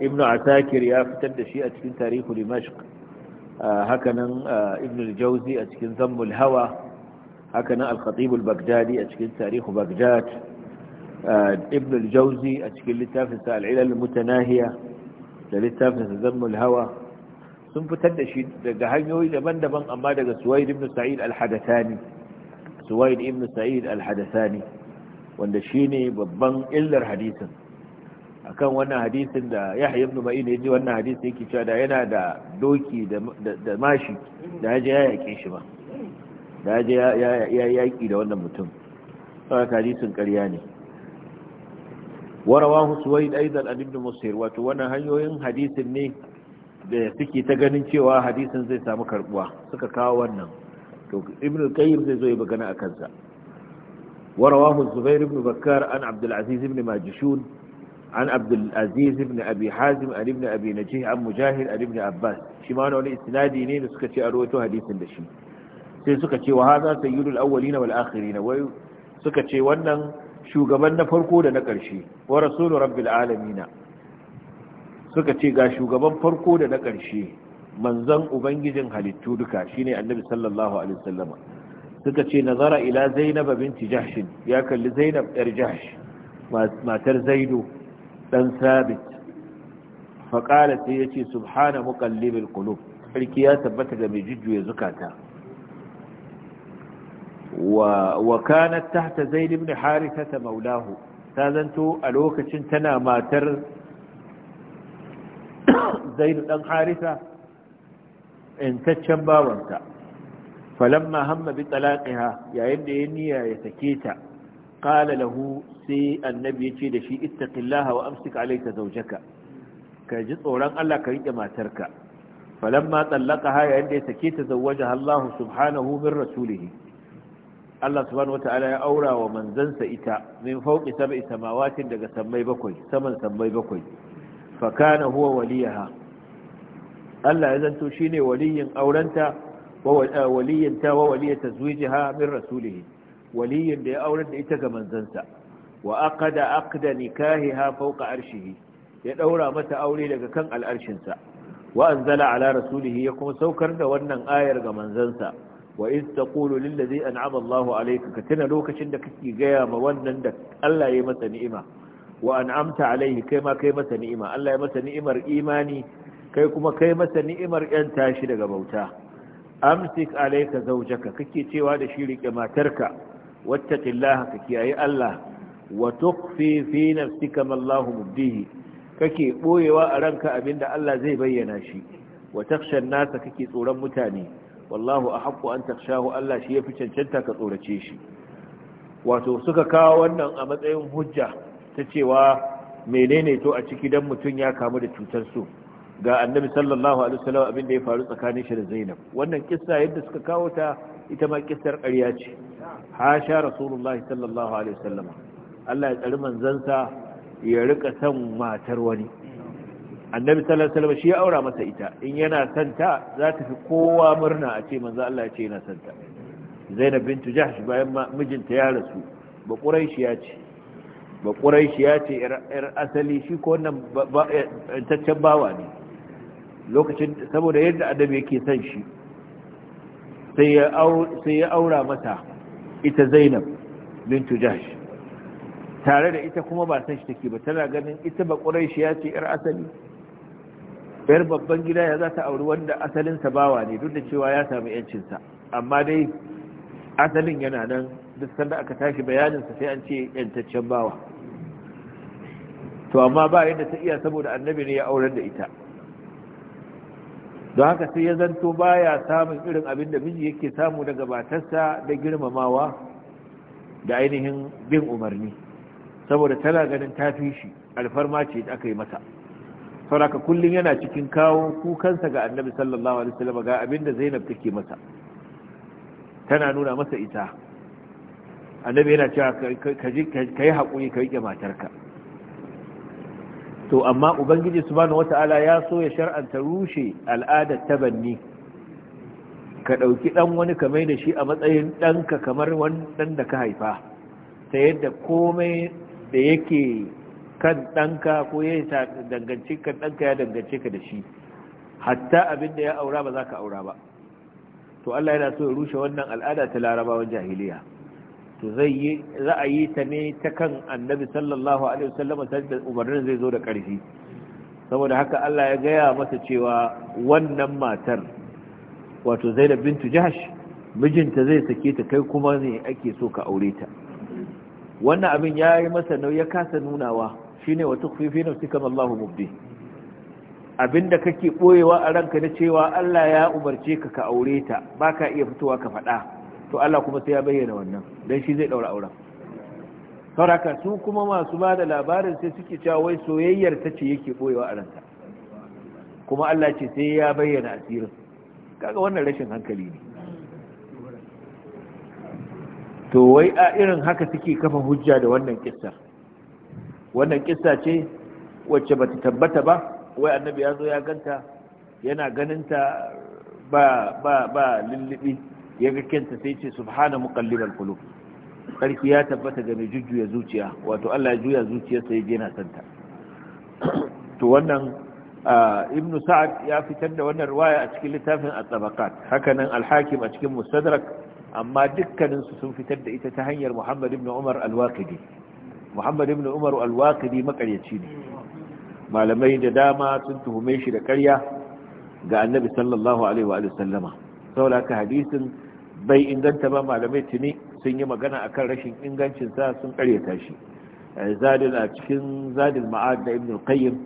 Ibnu asakir ya fitar da shi a cikin tarihu dimashq hakanan Ibnu al-jawzi a cikin zammul hawa haka nan al-khatib baghdadi a cikin tarihu baghdad uh, ibn al-jawzi a cikin littafin sa al-ilal mutanahiya da littafin sa zammul hawa sun fitar da shi daga hanyoyi daban-daban amma daga suwaid ibn sa'id al-hadathani suwaid ibn sa'id al-hadathani wanda shine babban illar hadisin akan wannan hadisin da Yahya ibn Ma'in ya ji wannan hadisi yake cewa da yana da doki da mashi da haje ya yake shi ba da je ya yaƙi da wannan mutum saboda hadisin ƙarya ne warawahu suwaid aidan an ibn musir wato wannan hanyoyin hadisin ne da suke ta ganin cewa hadisin zai samu karbuwa suka kawo wannan to ibn qayyim zai zo ya magana a kansa warawahu zubair ibn bakkar an abdul aziz ibn majishun an abdul aziz ibn abi hazim an ibn abi najih an mujahid an ibn abbas shi ma wani isnadi ne da suka ce a rawaito hadisin da shi sai suka ce wa haza sayyidul awwalina wal akhirina wai suka ce wannan shugaban na farko da na ƙarshe wa rasulu rabbil alamina suka ce ga shugaban farko da na ƙarshe manzon ubangijin halittu duka shine annabi sallallahu alaihi wasallama suka ce nazara ila zainab binti jahsh ya kalli zainab yar jahsh matar zaido dan sabit faqala sai yace subhana muqallibil qulub sarki ya tabbata ga mai jujjuya zukata وكانت تحت زيد بن حارثة مولاه تازنتو ألوكة تنا ماتر زيد بن حارثة انتشن باونتا فلما هم بطلاقها يا يبدي إني يتكيتا قال له سي النبي يتشيد شيء اتق الله وأمسك عليك زوجك كجد أوران الله كريد ما ترك فلما طلقها يا يبدي سكيت زوجها الله سبحانه من رسوله Allah subhanahu wata'ala ya aura wa manzansa ita min fauki sab'i samawatin daga sammai bakwai saman sammai bakwai fa kana huwa waliyaha Allah ya zanto shine waliyin aurenta wa waliyin ta wa eh, tazwijiha min rasulih waliyin da ya aurar da ita ga manzansa wa aqada aqda nikahiha fawqa arshihi ya daura mata aure daga kan al'arshinsa wa anzala ala rasulih ya kuma saukar da wannan ayar ga manzansa wa iz taqulu lil an an'ama Allahu alayka ka tuna lokacin da kake gaya ma wannan da Allah ya masa ni'ima wa an'amta alaihi kai ma kai masa ni'ima Allah ya masa ni'imar imani kai kuma kai masa ni'imar yan tashi daga bauta amsik alaika zawjaka kake cewa da shi rike matarka wattaqillaha ka kiyaye Allah wa tukhfi fi nafsika ma Allahu mubdihi kake boyewa a ranka abinda Allah zai bayyana shi wa takhsha nasa kake tsoron mutane wallahu a ahqqu an shahu. Allah shi ya fi cancanta ka tsorace shi wato suka kawo wannan a matsayin hujja ta cewa menene to a ciki dan mutum ya kamu da cutar su ga annabi sallallahu alaihi wasallam abin da ya faru tsakanin shi da Zainab wannan kissa yadda suka kawo ta ita ma kissar ƙarya ce hasha rasulullahi sallallahu alaihi wasallam Allah ya tsari manzansa ya rika san matar wani annabi sallallahu alaihi wasallam shi ya aura masa ita in yana santa za ta fi kowa murna a ce manzo Allah ya ce yana santa Zainab bintu Jahsh bayan mijinta ya rasu ba Quraishi ya ce ba Quraishi ya ce yar asali shi ko wannan taccen bawa ne lokacin saboda yadda adabi yake son shi sai ya sai ya aura mata ita Zainab bintu Jahsh tare da ita kuma ba san shi take ba tana ganin ita ba Quraishi ya ce yar asali Bayar babban gida ya za ta auri wanda asalinsa bawa ne duk da cewa ya samu yancinsa amma dai asalin yana nan duk sanda aka tashi bayaninsa sai an ce yantaccen bawa to amma ba yadda ta iya saboda annabi ne ya aurar da ita don haka sai ya zanto baya samun irin abin da miji yake samu daga batarsa da girmamawa da ainihin bin umarni saboda tana ganin tafi shi alfarma ce da aka yi masa sauraka kullum yana cikin kawo kukansa ga annabi sallallahu alaihi wasallam ga abinda zainab take masa tana nuna masa ita annabi yana cewa ka yi hakuri ka riƙe matarka to amma ubangiji subhanahu wata'ala ya so ya shar'anta rushe al'adar tabanni ka ɗauki ɗan wani ka mai da shi a matsayin ɗanka kamar wani dan da ka haifa ta yadda komai da yake kan ɗanka ko ya danganci kan ɗanka ya danganci ka da shi hatta abin da ya aura ba za ka aura ba to Allah yana so ya rushe wannan al'ada ta larabawan jahiliya to yi za a yi ta ne ta kan annabi sallallahu alaihi wasallam sai da umarnin zai zo da ƙarfi saboda haka Allah ya gaya masa cewa wannan matar wato Zainab bintu Jahsh mijinta zai sake ta kai kuma ne ake so ka aure ta wannan abin ya yi masa nau ya kasa nunawa shine wa wata fi na cikin Allah mubdi abinda kake boyewa a ranka na cewa Allah ya umarce ka ka aure ta baka iya fitowa ka faɗa to Allah kuma sai ya bayyana wannan don shi zai ɗaura auren sauraka su kuma masu ba da labarin sai suke cewa wai soyayyar ta ce yake boyewa a ranta kuma Allah ce sai ya bayyana asirin kaga wannan rashin hankali ne to wai a irin haka suke kafa hujja da wannan kissar wannan kissa ce wacce bata tabbata ba wai annabi ya zo ya ganta yana ganinta ba ba ba lullubi ya ga kenta sai ce subhana muqallibal qulub sarki ya tabbata ga mai jujjuya zuciya wato Allah ya juya zuciyarsa ya gena santa to wannan ibnu sa'ad ya fitar da wannan riwaya a cikin littafin at-tabaqat hakanan al-hakim a cikin mustadrak amma dukkanin su sun fitar da ita ta hanyar Muhammad ibn Umar al-Waqidi muhammad ibn umar al makaryaci ne malamai da dama sun tuhume shi da ƙarya ga annabi sallallahu alaihi wa sallama saboda haka hadisin bai inganta ba malamai tuni sun yi magana akan rashin ingancinsa sun karyata shi eh, zadil a cikin zadil ma'ad da ibn qayyim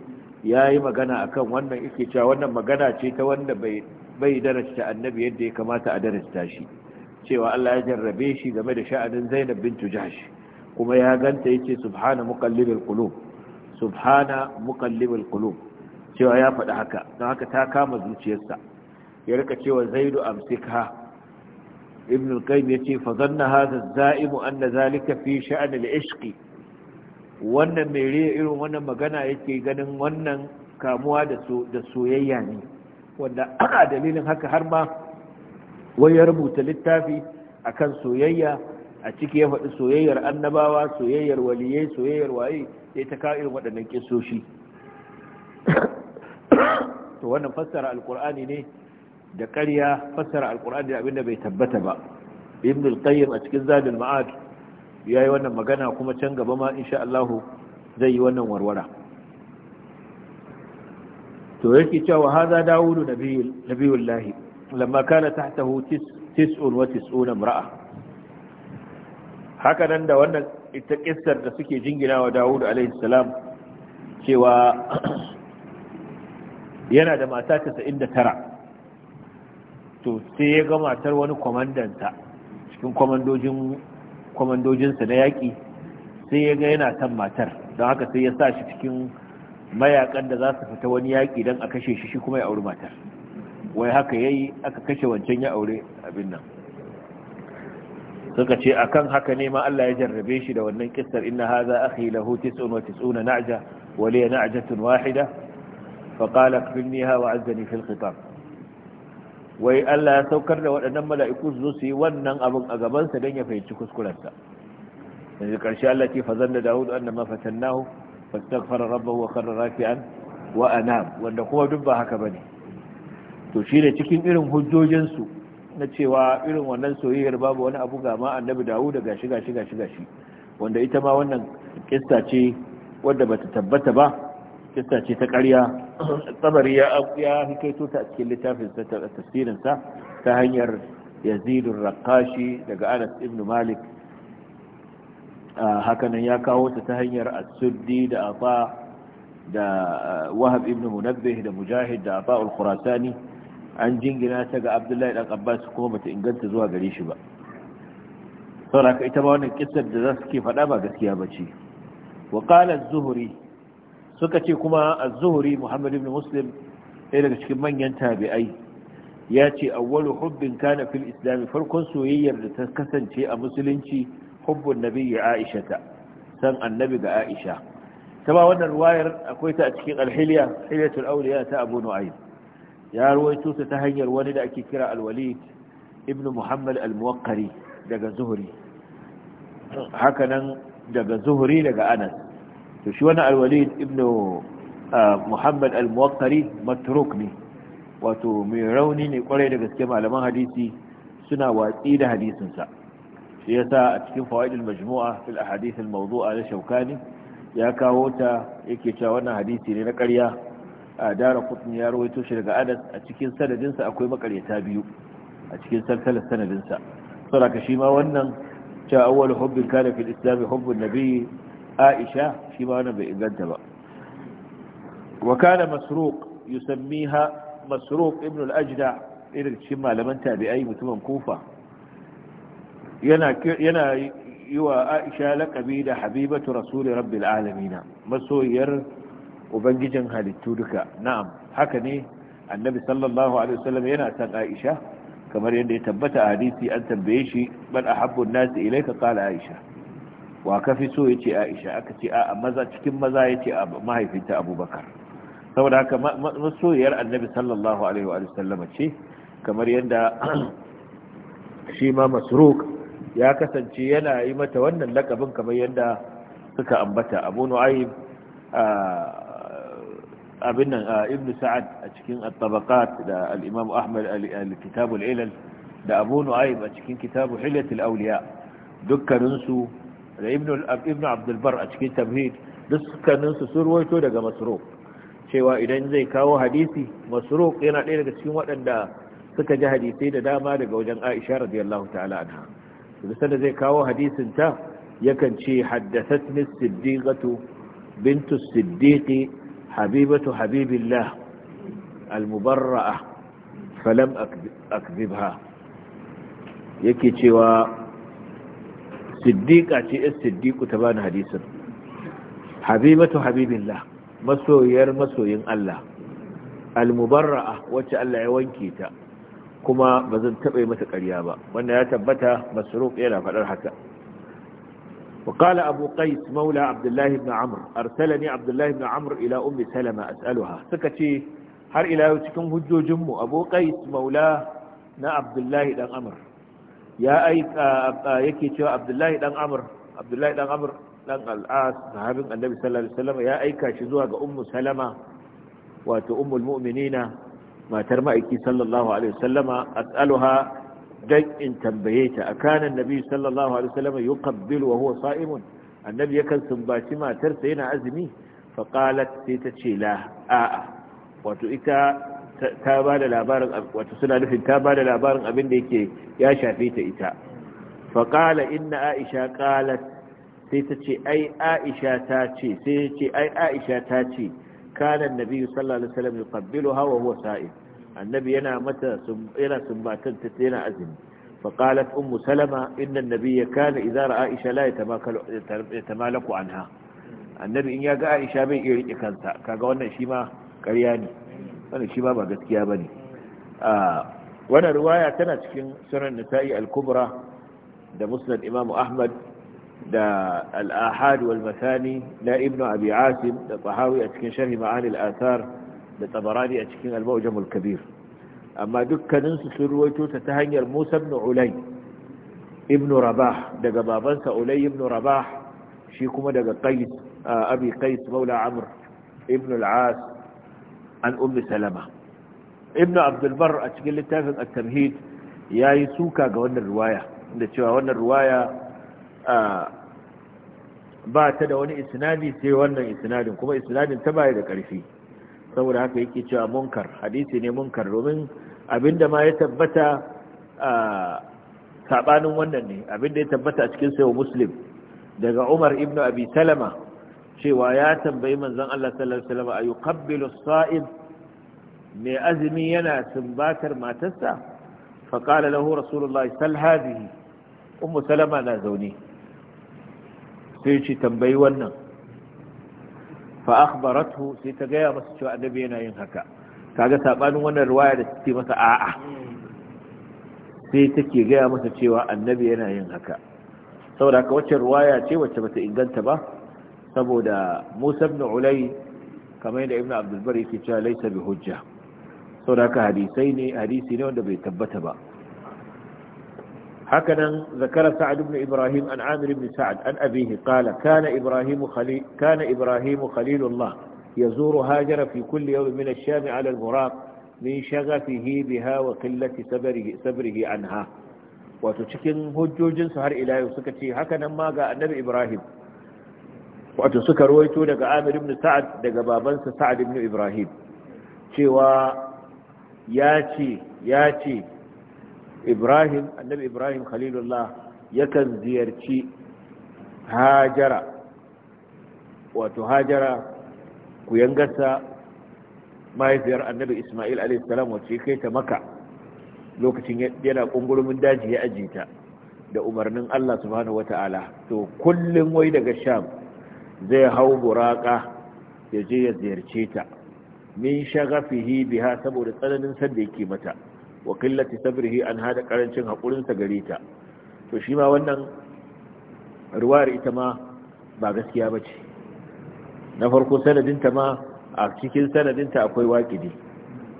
ya yi magana akan wannan yake cewa wannan magana ce ta wanda bai darasta annabi yadda ya kamata a darasta shi cewa Allah ya jarrabe shi game da sha'anin Zainab bintu Jahsh kuma ya ganta yace subhana muqallibil qulub subhana muqallibil qulub cewa ya faɗi haka don haka ta kama zuciyarsa ya rika cewa zaidu amsikha ibn al-qayyim yace fa zanna hadha az anna zalika fi sha'n al-ishq wannan mai riya irin wannan magana yake ganin wannan kamuwa da da soyayya ne wanda ana dalilin haka har ma wai ya rubuta littafi akan soyayya a ciki ya faɗi soyayyar annabawa soyayyar waliyai soyayyar waye sai ta kawo irin waɗannan kisoshi to wannan fassara alkur'ani ne da ƙarya fassara alkur'ani da abinda bai tabbata ba ibn al-qayyim a cikin zadul ma'ad yayi wannan magana kuma can gaba ma insha Allah zai yi wannan warwara to yake cewa hada dawudu nabiyul nabiyullahi lamma kana tahtahu 99 imra'a haka nan da wannan ita kissar da suke jingina wa Dawud alaihi cewa yana da mata 99 to sai ya ga matar wani kwamandanta cikin kwamandojinsa na yaƙi sai ya ga yana san matar don haka sai ya sa shi cikin mayakan da za su fita wani yaƙi don a kashe shi shi kuma ya auri matar wai haka ya yi aka kashe wancan ya aure abin nan suka ce akan haka ne ma Allah ya jarrabe shi da wannan kissar inna hadha akhi lahu 99 na'ja wa li na'jatun wahida fa qala kfilniha wa azzani fil khitab wai Allah ya saukar da waɗannan mala'iku su su yi wannan abin a gaban sa dan ya fahimci kuskuren sa yanzu karshe Allah ke fa da Dawud anna ma fatannahu fastaghfara rabbahu wa kharra raki'an wa anab wanda kuma duk ba haka bane to shine cikin irin hujjojin su na cewa irin wannan soyayyar babu wani abu ga ma annabi dawo da gashi gashi gashi gashi wanda ita ma wannan kista ce wadda bata tabbata ba kista ce ta ƙarya tsabari ya ya hikaito ta cikin littafin sa ta tafsirin sa ta hanyar Yazid rakashi daga Anas ibn Malik hakanan ya kawo ta ta hanyar As-Suddi da Afa da Wahab ibn Munabbih da Mujahid da Afa al-Khurasani an jingina ta ga abdullahi dan abbas kuma bata inganta zuwa gare shi ba saboda ita ba wannan kisar da za su ke faɗa ba gaskiya ba ce wa qala zuhri suka ce kuma a zuhri muhammad ibn muslim ɗaya daga cikin manyan tabi'ai ya ce awwalu hubbin kana fil islam farkon soyayyar da ta kasance a musulunci hubbun ya aisha ta san annabi ga aisha ta ba wannan ruwayar akwai ta a cikin alhiliya hiliyatul auliya ta abu nu'aym ya ruwaito ta ta hanyar wani da ake kira al ibn muhammad al daga zuhri hakanan daga daga anas to shi wani al ibn uh, muhammad al-muwaqqari matruk ne wato mai rauni ne kwarai da gaske malaman hadisi suna watsi da hadisinsa shi yasa a cikin fawaidul majmu'a fil ahadith mawdua na shaukani ya kawo ta yake cewa wannan hadisi ne na ƙarya a dara kutun ya rawaito shi daga anas a cikin sanadinsa akwai makaryata biyu a cikin sarkalar sanadinsa saboda shi ma wannan cewa awwal hubbin kana fil islam hubbun nabi aisha shi ma wannan bai inganta ba wa kana masruq yusammiha masruq ibn al-ajda irin cikin malaman tabi'ai mutumin kufa yana yana yi wa aisha laqabi da habibatu rasuli rabbil alamin Masoyar. ubangijin halittu duka na'am haka ne annabi sallallahu alaihi wasallam yana san aisha kamar yadda ya tabbata a hadisi an tambaye shi bal ahabbu an-nas ilayka qala aisha wa kafi so yace aisha aka ce a maza cikin maza yace a mahaifinta abubakar saboda haka masoyiyar annabi sallallahu alaihi wa sallam ce kamar yadda shi ma masruk ya kasance yana yi mata wannan lakabin kamar yadda suka ambata abu nu'aym ah, abin nan ibn sa'ad a cikin at-tabaqat da al-imam ahmad al-kitab al-ilal da abu nu'aym a cikin kitab hilyat al-awliya dukkanin su da ibn ibn abd al-bar a cikin tamhid dukkanin su sun ruwaito daga masruq cewa idan zai kawo hadisi masruq yana ɗaya daga cikin waɗanda suka ji hadisai da dama daga wajen Aisha radiyallahu ta'ala anha da zai kawo hadisin ta yakan ce haddathatni as-siddiqatu bintu as-siddiqi habibatu habibillah almubarra'a falam akzibha yake cewa siddiqa ce is ta bani hadisin habibatu habibillah masoyar masoyin Allah almubarra'a wacce Allah ya wanke ta kuma bazan taɓa yi mata ƙarya ba wanda ya tabbata masruq yana faɗar haka وقال أبو قيس مولى عبد الله بن عمرو أرسلني عبد الله بن عمرو إلى أم سلمة أسألها سكتي har ila yau cikin hujjojin mu Abu Qais maula na Abdullahi dan Amr ya aika yake cewa Abdullahi dan Amr Abdullahi dan Amr dan sallallahu alaihi wasallam ya aika shi zuwa ga Ummu Salama wato Ummul Mu'minina matar ma'aiki sallallahu alaihi wasallama as'aluha dan in tambaye ta akana annabi sallallahu alaihi wasallam yuqabbilu wa huwa sa'imun annabi yakan sumbaci matarsa yana azumi fa qalat sai ta ce la a'a wato ita ta ba da labarin wato suna nufin ta ba da labarin abin da yake ya shafe ta ita fa qala inna aisha qalat sai ta ce ai aisha ta ce sai ce ai aisha ta ce kana annabi sallallahu alaihi wasallam yuqabbiluha wa huwa sa'im annabi yana mata yana sumbatan ta yana azumi fa qalat ummu salama inna an-nabiyya kana idza ra'a aisha la yatamakalu yatamalaku anha annabi in ya ga aisha bai iya rike kaga wannan shi ma ne wannan ba gaskiya ba ne wannan riwaya tana cikin sunan nisa'i al-kubra da musnad imam ahmad da al-ahad wal mathani na ibnu abi da tahawi a cikin sharhi ma'ani al-athar da tabarani a cikin al kabir amma dukkaninsu sun ruwaito ta ta hanyar Musa ibn Ulay ibn Rabah daga babansa Ulay ibn Rabah shi kuma daga Qais Abi Qais Maula Amr ibn al-As an Ummi Salama ibn Abdul a cikin littafin At-Tamhid yayi suka ga wannan riwaya da cewa wannan riwaya ba ta da wani isnadi sai wannan isnadin kuma isnadin ta baya da ƙarfi saboda haka yake cewa munkar hadisi ne munkar domin abinda ma ya tabbata a sabanin wannan ne abinda ya tabbata a cikin sayo muslim daga umar ibn abi salama cewa ya tambayi manzon Allah sallallahu alaihi wasallam ayu qabbilu as-sa'ib mai azumi yana sumbatar matarsa fa qala lahu rasulullahi sal hadhihi ummu salama na zaune sai ce tambayi wannan fa akhbarathu sai ta gaya masa cewa annabi yana yin haka kaga sabanin wannan riwaya da take masa a'a sai take gaya masa cewa annabi yana yin haka saboda haka wacce riwaya ce wacce bata inganta ba saboda Musa ibn Ulay kamar da Ibn Abdul Bari yake cewa laysa bi hujja saboda haka hadisai ne hadisi ne wanda bai tabbata ba hakanan zakara sa’ad ibrahim an amirin bin sa’ad an abihi kala kana Ibrahim khalilullah ya zuru hajjara fi kulle yau min shami alal buraq min shagafihi biha wa killati sabirhi an ha wato cikin hujjojinsu har ilayu suka ce hakanan ma annabi ibrahim wato suka roito daga amir ibn sa’ad daga babansa sa’ad ibn ibrahim cewa ya ya ce ibrahim annabi ibrahim khalilullah yakan ziyarci hajara wato hajara ku yangarsa mahaifiyar annabi ismail alaihissalam wacce kai ta maka lokacin yana kungurumin daji ya ajiye ta da umarnin allah subhanahu wata'ala to kullum wai daga sham zai hau buraka ya je ya ziyarce ta min shagafihi biha saboda tsananin sanda yake mata wa qillati sabrihi an hada karancin hakurin sa gare ta to shi ma wannan ruwayar ita ma ba gaskiya bace na farko sanadinta ma a cikin sanadinta akwai waqidi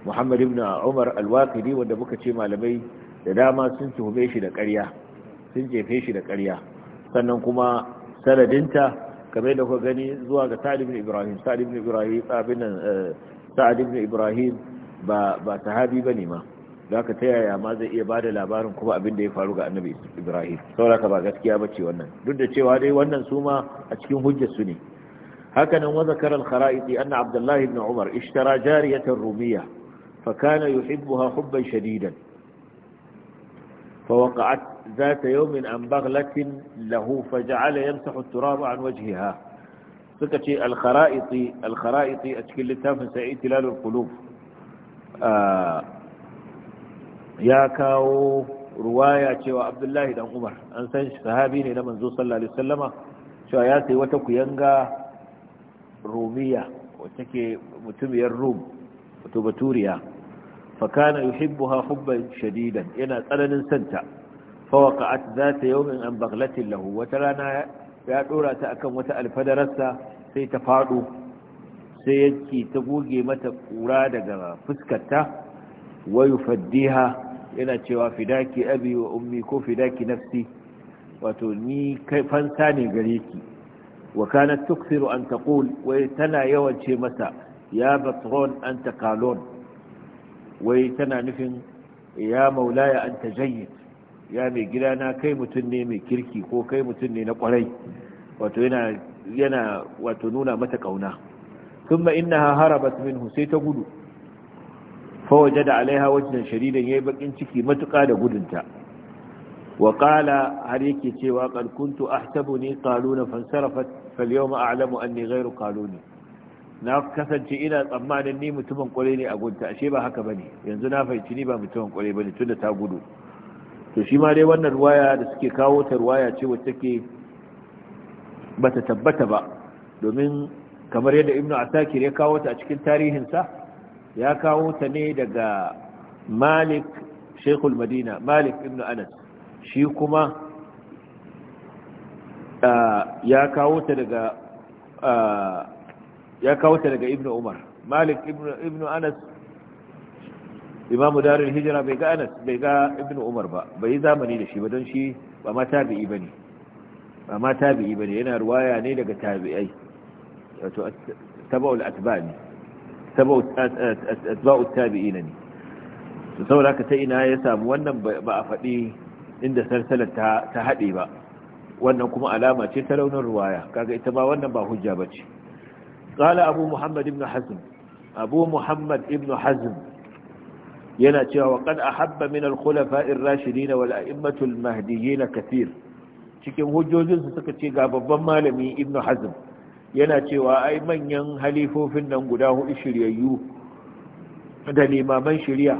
Muhammad ibn Umar al wanda muka ce malamai da dama sun tuhume shi da ƙarya sun jefe shi da ƙarya sannan kuma sanadinta kamar da kuka gani zuwa ga Sa'ad Ibrahim Sa'ad Ibrahim eh, ibn Ibrahim ba ba sahabi bane ma za ka ta yaya ma zai iya ba da labarin kuma abin da ya faru ga annabi ibrahim sauraka ba gaskiya ba ce wannan duk da cewa dai wannan su ma a cikin hujjar su ne hakanan wa zakarar khara'iti anna abdullahi ibn umar ishtara jariyatan rumiya fa kana ha hubban shadidan fa waqa'at zata yawmin an baghlatin lahu fa ja'ala yamsahu turab an wajhiha suka ce al-khara'iti al-khara'iti a cikin littafin sa'id tilalul qulub ah, ya kawo ruwaya cewa abdullahi dan umar an san shi sahabi ne na manzo sallallahu alaihi wasallama cewa ya sai wata kuyanga rumiya wacce ke mutumiyar rum wato baturiya fa kana yuhibbuha hubban shadidan yana tsananin santa fa waqa'at zata yawmin an baghlatin lahu wata rana ya dora ta akan wata alfadararsa sai ta fado sai yake ta goge mata kura daga fuskarta wa yufaddiha yana cewa fidaki abi wa ummi ko fidaki nafsi wato ni kai fansa ne gare ki wa kanat tukthiru an taqul wai tana yawan ce masa ya batron anta kalon wai tana nufin ya maulaya anta jayyid ya mai na kai mutum ne mai kirki ko kai mutum ne na kwarai wato yana yana wato nuna mata kauna thumma innaha harabat minhu sai ta gudu fa wajada alaiha wajdan ya yi bakin ciki matuƙa da gudunta wa har yake cewa qad kuntu ahtabuni qaluna fansarafat falyawma a'lamu anni ghayru qaluni na kasance ina tsammanin ni mutumin kware ne a gunta ashe ba haka bane yanzu na fahimci ni ba mutumin kware bane tunda ta gudu to shi ma dai wannan ruwaya da suke kawo ta ruwaya ce wacce take bata tabbata ba domin kamar yadda ibnu asakir ya kawo ta a cikin tarihinsa ya kawo ta ne daga malik shekul madina malik ibn anas shi kuma ya kawo ta daga ya kawo ta daga ibn umar malik ibn anas imamu darul hijira bai ga anas bai ga ibn umar ba bai yi zamani da shi ba don shi ba ma tabi'i ba ne ba ma tabi'i ba ne yana ruwaya ne daga tabi'ai wato taba'ul atba'i ne atba'u tabi'ina ne to saboda ta ina ya samu wannan ba a faɗi inda sarsalar ta haɗe ba wannan kuma alama ce ta raunin ruwaya kaga ita ba wannan ba hujja bace qala abu muhammad ibn hazm abu muhammad ibn hazm yana cewa wa qad ahabba min al-khulafa'i ar-rashidin wal a'immatul al-mahdiyyin kathir cikin hujjojinsu suka ce ga babban malami ibn hazm yana cewa ai manyan halifofin nan guda hudu shiryayyu da limaman shirya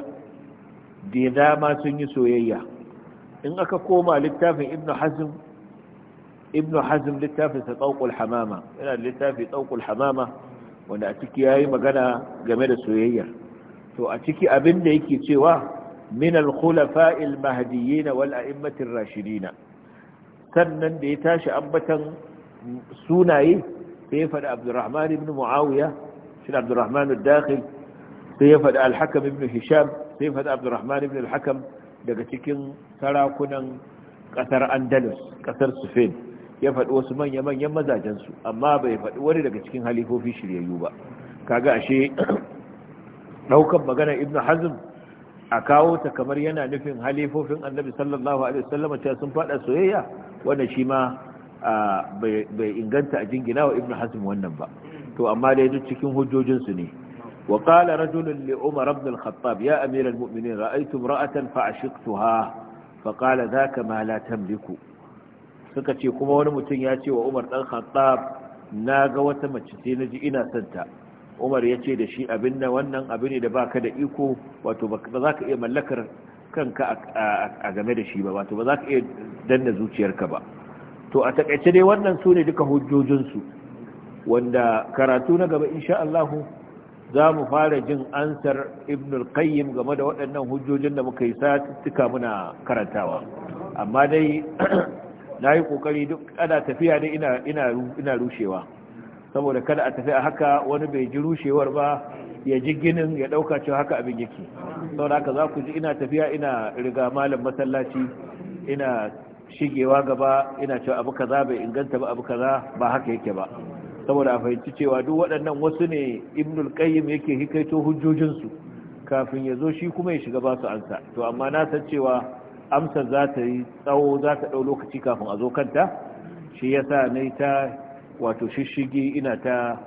da dama sun yi soyayya in aka koma littafin ibnu hazm ibnu hazm littafin sa hamama yana littafi tsauqul hamama wanda a ciki yayi magana game da soyayya to a ciki abin da yake cewa min al-khulafa'i al-mahdiyyin wal a'immati rashidin sannan da ya tashi ambatan sunaye sai ya faɗi abdurrahman ibn muawiya shi da abdurrahman dakhil sai ya faɗi al-hakam hisham sai ya faɗi ibn daga cikin sarakunan ƙasar andalus ƙasar sufain ya faɗi wasu manya-manyan mazajensu amma bai faɗi wani daga cikin halifofi shiryayyu ba kaga ashe ɗaukan magana ibn hazm a kawo ta kamar yana nufin halifofin annabi sallallahu alaihi wasallam cewa sun faɗa soyayya wannan shi ma bai inganta a jingina wa ibn hazm wannan ba to amma dai duk cikin hujjojinsu ne wa qala rajulun li umar ibn al-khattab ya amir al-mu'minin ra'aytu imra'atan fa ashiqtuha fa qala dhaka ma la tamliku suka ce kuma wani mutum ya ce wa umar dan khattab na ga wata mace sai naji ina santa umar ya ce da shi abin da wannan abin ne da baka da iko wato ba za ka iya mallakar kanka a game da shi ba wato ba za ka iya danna zuciyarka ba to a takaice dai wannan su ne duka hujjojinsu wanda karatu na gaba insha Allahu za mu fara jin ansar ibn al-qayyim game da waɗannan hujjojin da muka yi satuttuka muna karantawa amma dai na yi ƙoƙari duk ana tafiya dai ina rushewa saboda kada a tafi a haka wani bai ji rushewar ba ya ji ginin ya ɗauka cewa haka abin yake sau haka za ku ji ina tafiya ina riga malam masallaci ina shigewa gaba ina cewa abu kaza bai inganta ba abu kaza ba haka yake ba saboda a fahimci cewa duk waɗannan wasu ne ibnul qayyim yake hikaito hujjojinsu kafin ya zo shi kuma ya shiga ba su ansa to amma na san cewa amsa za ta yi tsawo za ta ɗau lokaci kafin a zo kanta shi ya sa na ta wato shishigi ina ta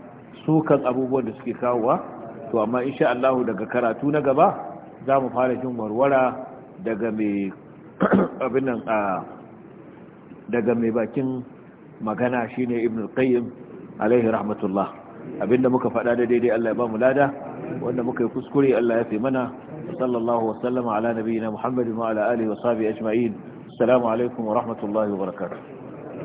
sukan abubuwan da suke kawowa to amma insha Allahu daga karatu na gaba za mu fara jin warwara daga mai abin nan a ah, daga mai bakin magana shine ibn al-qayyim alaihi rahmatullah abinda muka faɗa da daidai Allah ya ba mu lada wanda muka yi kuskure Allah ya fi mana sallallahu wa sallama ala nabiyina muhammadin wa ala alihi wa sahbihi ajma'in assalamu alaikum wa rahmatullahi wa barakatuh